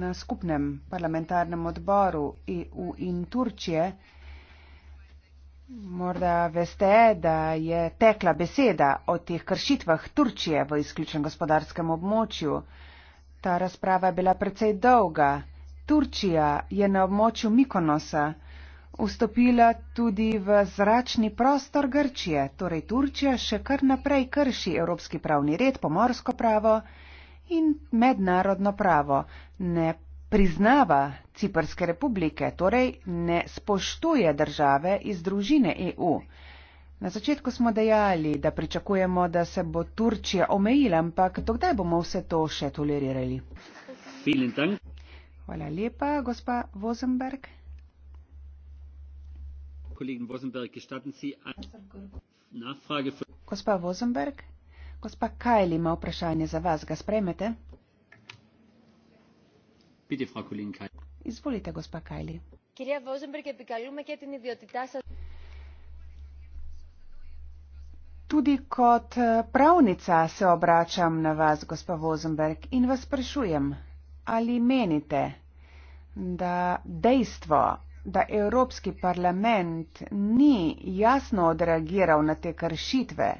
na skupnem parlamentarnem odboru EU in Turčije morda veste, da je tekla beseda o teh kršitvah Turčije v izključnem gospodarskem območju. Ta razprava je bila precej dolga. Turčija je na območju Mikonosa vstopila tudi v zračni prostor Grčije. Torej Turčija še kar naprej krši evropski pravni red, pomorsko pravo in mednarodno pravo. Ne priznava Ciprske republike, torej ne spoštuje države iz družine EU. Na začetku smo dejali, da pričakujemo, da se bo Turčija omejila, ampak dokdaj bomo vse to še tolerirali? Hvala lepa, gospa Vozenberg. Kollegin Wosenberg, gestatten Sie eine Nachfrage für. Gospa Wosenberg, Gospa Kaili, ma vprašanje za vas, ga spremete? Bitte, Frau Kollegin Kaili. Izvolite, Gospa Kaili. Kirja Wosenberg, epikalume ke ten idiotita sa... Tudi kot eh, pravnica se obračam na vas, gospa Vozenberg, in vas sprašujem, ali menite, da dejstvo, da Evropski parlament ni jasno odreagiral na te kršitve?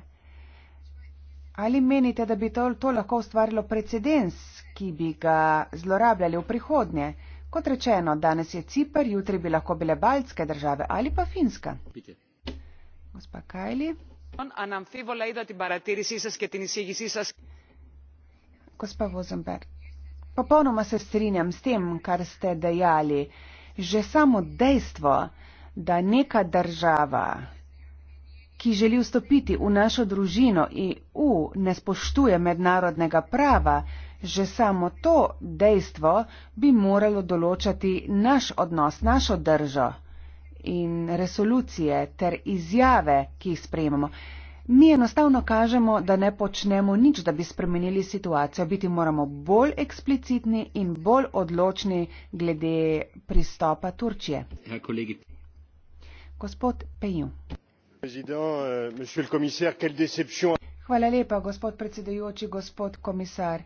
Ali menite, da bi to, to lahko ustvarilo precedens, ki bi ga zlorabljali v prihodnje? Kot rečeno, danes je Cipr, jutri bi lahko bile Baltske države ali pa Finska. Gospa Kajli. Gospa Vozenberg, popolnoma se strinjam s tem, kar ste dejali že samo dejstvo, da neka država, ki želi vstopiti v našo družino EU, ne spoštuje mednarodnega prava, že samo to dejstvo bi moralo določati naš odnos, našo držo in resolucije ter izjave, ki jih sprejemamo. Mi enostavno kažemo, da ne počnemo nič, da bi spremenili situacijo. Biti moramo bolj eksplicitni in bolj odločni glede pristopa Turčije. Ja, kolegi. Gospod Peju. Euh, Hvala lepa, gospod predsedujoči, gospod komisar.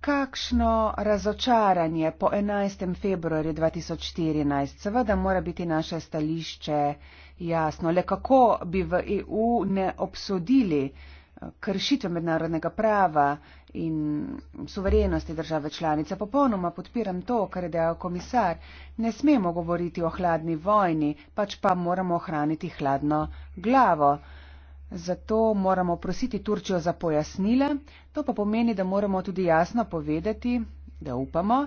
Kakšno razočaranje po 11. februarju 2014. Seveda mora biti naše stališče. Jasno, le kako bi v EU ne obsodili eh, kršitev mednarodnega prava in suverenosti države članice. Popolnoma podpiram to, kar je dejal komisar. Ne smemo govoriti o hladni vojni, pač pa moramo ohraniti hladno glavo. Zato moramo prositi Turčijo za pojasnila, to pa pomeni, da moramo tudi jasno povedati, da upamo,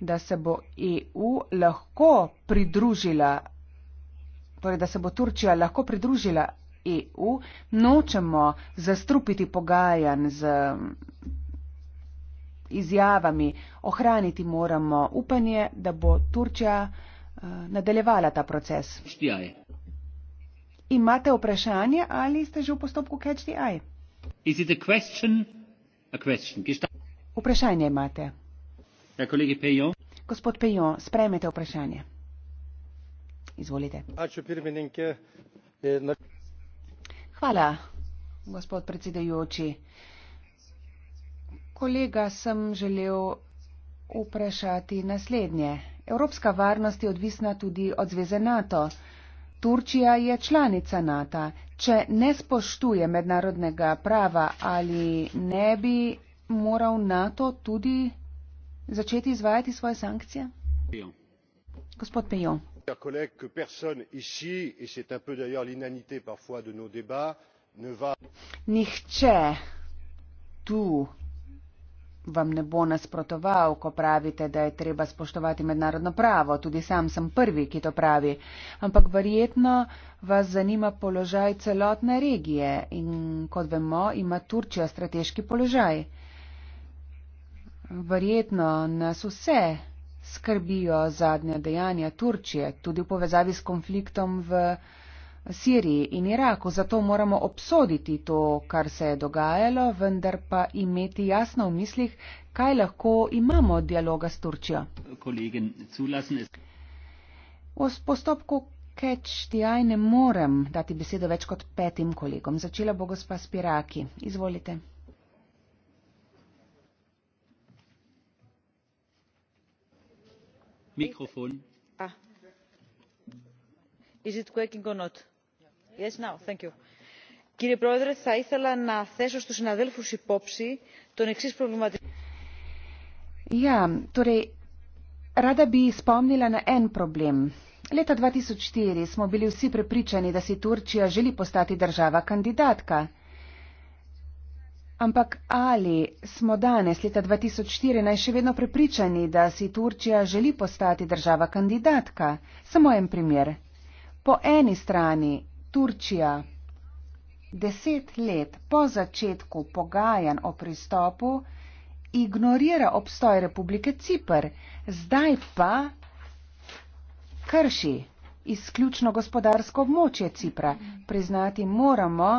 da se bo EU lahko pridružila torej da se bo Turčija lahko pridružila EU, nočemo zastrupiti pogajanj z izjavami, ohraniti moramo upanje, da bo Turčija eh, nadaljevala ta proces. Imate vprašanje ali ste že v postopku catch the eye? Is it a question? A question. Vprašanje imate. Ja, Gospod Pejo, sprejmete vprašanje. E, hvala gospod predsedujoči kolega sem želel vprašati naslednje evropska varnost je odvisna tudi od zveze nato turčija je članica nata če ne spoštuje mednarodnega prava ali ne bi moral nato tudi začeti izvajati svoje sankcije gospod pejon chers collègues que personne ici et c'est un peu d'ailleurs l'inanité parfois de nos débats ne va. nihče tu vam ne bo nasprotoval ko pravite da je treba spoštovati mednarodno pravo tudi sam sem prvi ki to pravi ampak verjetno vas zanima položaj celotne regije in kot vemo ima turčija strateški položaj verjetno nas vse skrbijo zadnja dejanja Turčije, tudi v povezavi s konfliktom v Siriji in Iraku. Zato moramo obsoditi to, kar se je dogajalo, vendar pa imeti jasno v mislih, kaj lahko imamo od dialoga s Turčijo. V postopku catch the eye ne morem dati besedo več kot petim kolegom. Začela bo gospa Spiraki. Izvolite. Ah. κύριε πρόεδρε θα ήθελα να θέσω στους συναδέλφους υπόψη τον εξής προβληματισμό. Torej, rada bi spomnila na en problem. Leta 2004 smo bili vsi prepričani, da si Turčija želi postati država kandidatka. Ampak ali smo danes, leta 2014, še vedno prepričani, da si Turčija želi postati država kandidatka? Samo en primer. Po eni strani Turčija deset let po začetku pogajanj o pristopu ignorira obstoj Republike Cipr, zdaj pa krši izključno gospodarsko območje Cipra. Priznati moramo,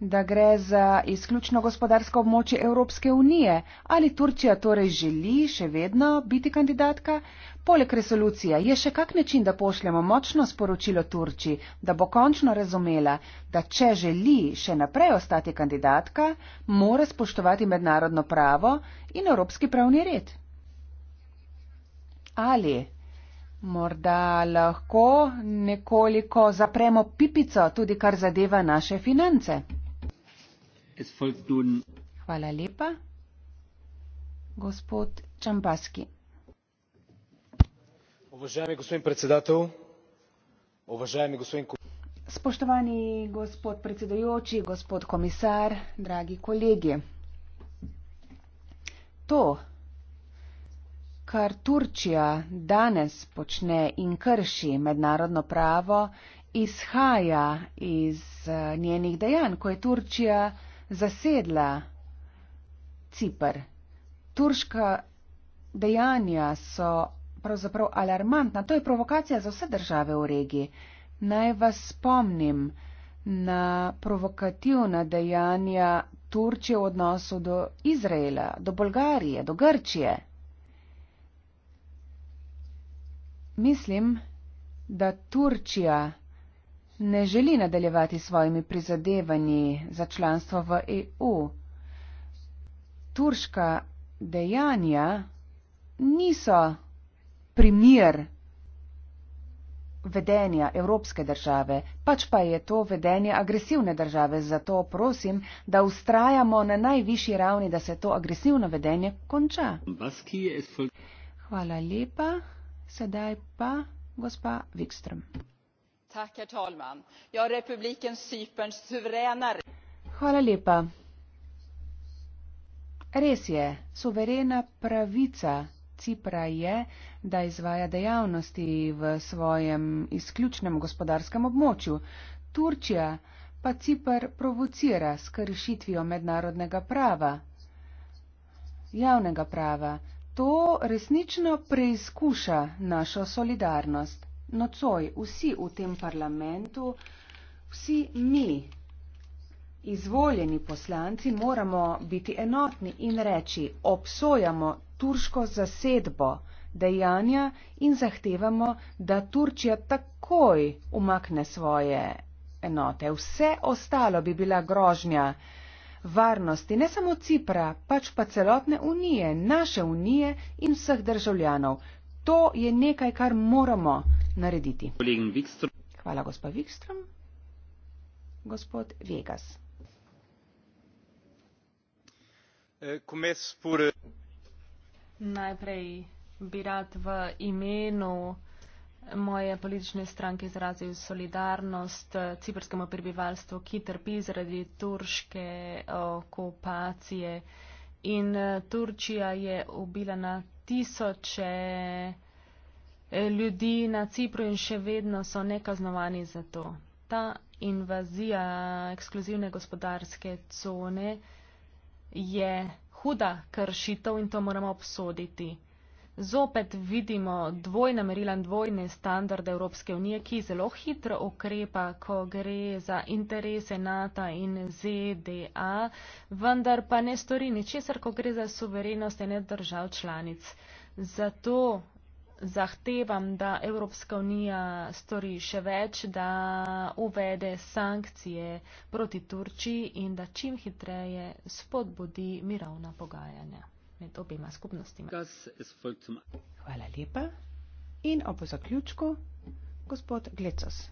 da gre za izključno gospodarsko območje Evropske unije. Ali Turčija torej želi še vedno biti kandidatka? Poleg resolucije je še kak način, da pošljemo močno sporočilo Turčiji, da bo končno razumela, da če želi še naprej ostati kandidatka, mora spoštovati mednarodno pravo in evropski pravni red. Ali morda lahko nekoliko zapremo pipico tudi kar zadeva naše finance? Hvala lepa. Gospod Čambaski. Uvaženi gospod predsedatelj, uvaženi gospod komisar. Spoštovani gospod predsedujoči, gospod komisar, dragi kolegi. To, kar Turčija danes počne in krši mednarodno pravo, izhaja iz eh, njenih dejanj, ko je Turčija zasedla Cipr. Turška dejanja so pravzaprav alarmantna. To je provokacija za vse države v regiji. Naj vas spomnim na provokativna dejanja Turčije v odnosu do Izraela, do Bolgarije, do Grčije. Mislim, da Turčija ne želi nadaljevati svojimi prizadevanji za članstvo v EU. Turška dejanja niso primir vedenja evropske države, pač pa je to vedenje agresivne države. Zato prosim, da ustrajamo na najvišji ravni, da se to agresivno vedenje konča. Hvala lepa. Sedaj pa gospa Wikström. Herr talman. Ja, republiken Cyperns suveräna... Hvala lepa. Res je, suverena pravica Cipra je, da izvaja dejavnosti v svojem izključnem gospodarskem območju. Turčija pa Cipr provocira s kršitvijo mednarodnega prava, javnega prava. To resnično preizkuša našo solidarnost nocoj vsi v tem parlamentu, vsi mi, izvoljeni poslanci, moramo biti enotni in reči, obsojamo turško zasedbo dejanja in zahtevamo, da Turčija takoj umakne svoje enote. Vse ostalo bi bila grožnja varnosti ne samo Cipra, pač pa celotne unije, naše unije in vseh državljanov. To je nekaj, kar moramo narediti. Hvala, gospod Vikström. Gospod Vegas. Eh, eh, Najprej bi rad v imenu moje politične stranke izrazil solidarnost eh, ciprskemu prebivalstvu, ki trpi zaradi turške okupacije. In Turčija je ubila na tisoče ljudi na Cipru in še vedno so nekaznovani za to. Ta invazija ekskluzivne gospodarske cone je huda kršitev in to moramo obsoditi. Zopet vidimo dvojna merila in dvojne standarde Evropske unije, ki zelo hitro ukrepa, ko gre za interese NATO in ZDA, vendar pa ne stori ničesar, ko gre za suverenost ene držav članic. Zato zahtevam, da Evropska unija stori še več, da uvede sankcije proti Turčiji in da čim hitreje spodbudi mirovna pogajanja med obima skupnostima. Hvala lepa. In ob zaključku, gospod Glecos.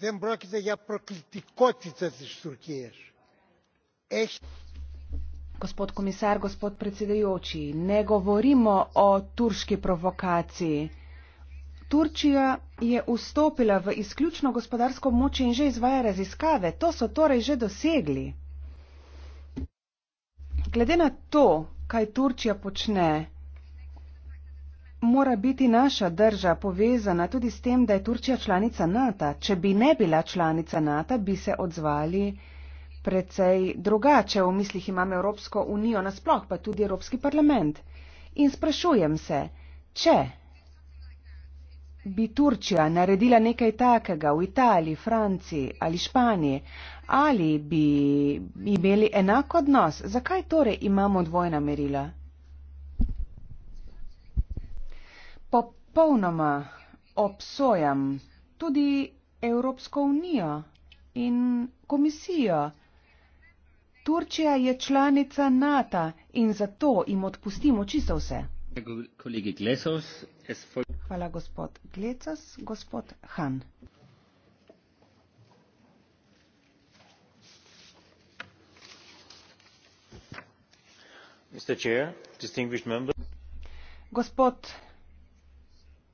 δεν πρόκειται για προκλητικότητα της Τουρκίας. Έχει... Gospod komisar, gospod predsedajoči, ne govorimo o turški provokaciji. Turčija je vstopila v izključno gospodarsko moče in že izvaja raziskave. To so torej že dosegli. Glede na to, kaj Turčija počne, mora biti naša drža povezana tudi s tem, da je Turčija članica NATO. Če bi ne bila članica NATO, bi se odzvali precej drugače. V mislih imam Evropsko unijo nasploh, pa tudi Evropski parlament. In sprašujem se, če bi Turčija naredila nekaj takega v Italiji, Franciji ali Španiji, ali bi imeli enako odnos, zakaj torej imamo dvojna merila? popolnoma obsojam tudi Evropsko unijo in komisijo. Turčija je članica NATO in zato jim odpustimo čisto vse. Hvala gospod Glecas, gospod Han. Mr. Chair, distinguished members. Gospod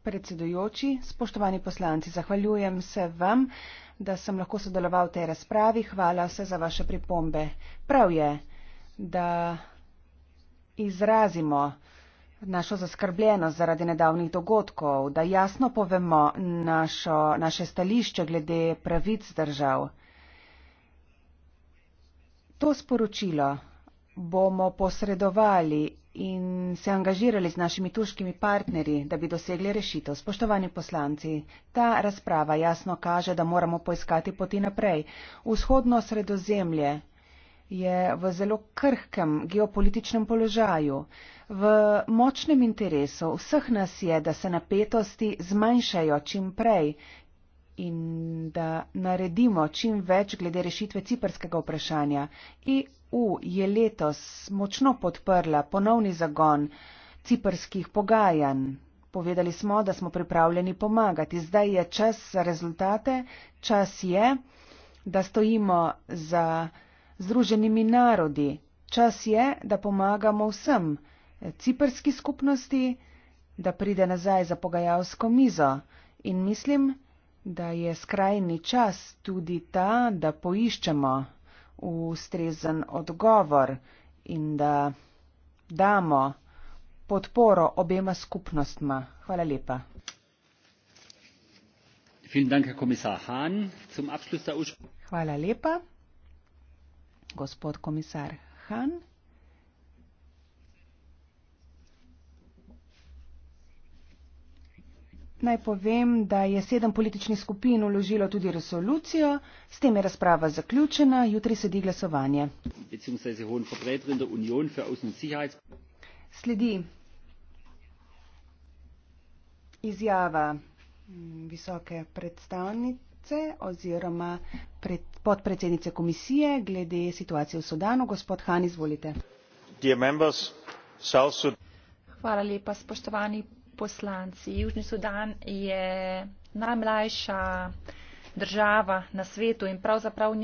predsedujoči, spoštovani poslanci, zahvaljujem se vam, da sem lahko sodeloval v tej razpravi. Hvala vse za vaše pripombe. Prav je, da izrazimo našo zaskrbljenost zaradi nedavnih dogodkov, da jasno povemo našo, naše stališče glede pravic držav. To sporočilo bomo posredovali in se angažirali z našimi tuškimi partnerji, da bi dosegli rešitev. Spoštovani poslanci, ta razprava jasno kaže, da moramo poiskati poti naprej. Vzhodno sredozemlje je v zelo krhkem geopolitičnem položaju. V močnem interesu vseh nas je, da se napetosti zmanjšajo čim prej in da naredimo čim več glede rešitve ciperskega vprašanja in EU je letos močno podprla ponovni zagon ciprskih pogajanj. Povedali smo, da smo pripravljeni pomagati. Zdaj je čas za rezultate, čas je, da stojimo za združenimi narodi, čas je, da pomagamo vsem ciprski skupnosti, da pride nazaj za pogajalsko mizo. In mislim, da je skrajni čas tudi ta, da poiščemo ustrezen odgovor in da damo podporo obema skupnostma. Hvala lepa. Hvala lepa, gospod komisar Han. Naj povem, da je sedem političnih skupin uložilo tudi resolucijo, s tem je razprava zaključena, jutri sedi glasovanje. Sledi. Izjava mm, visoke predstavnice oziroma pred, podpredsednice komisije glede situacije v Sudanu. Gospod Han, izvolite. Hvala lepa, spoštovani poslanci. Južni Sudan je najmlajša država na svetu in pravzaprav njen.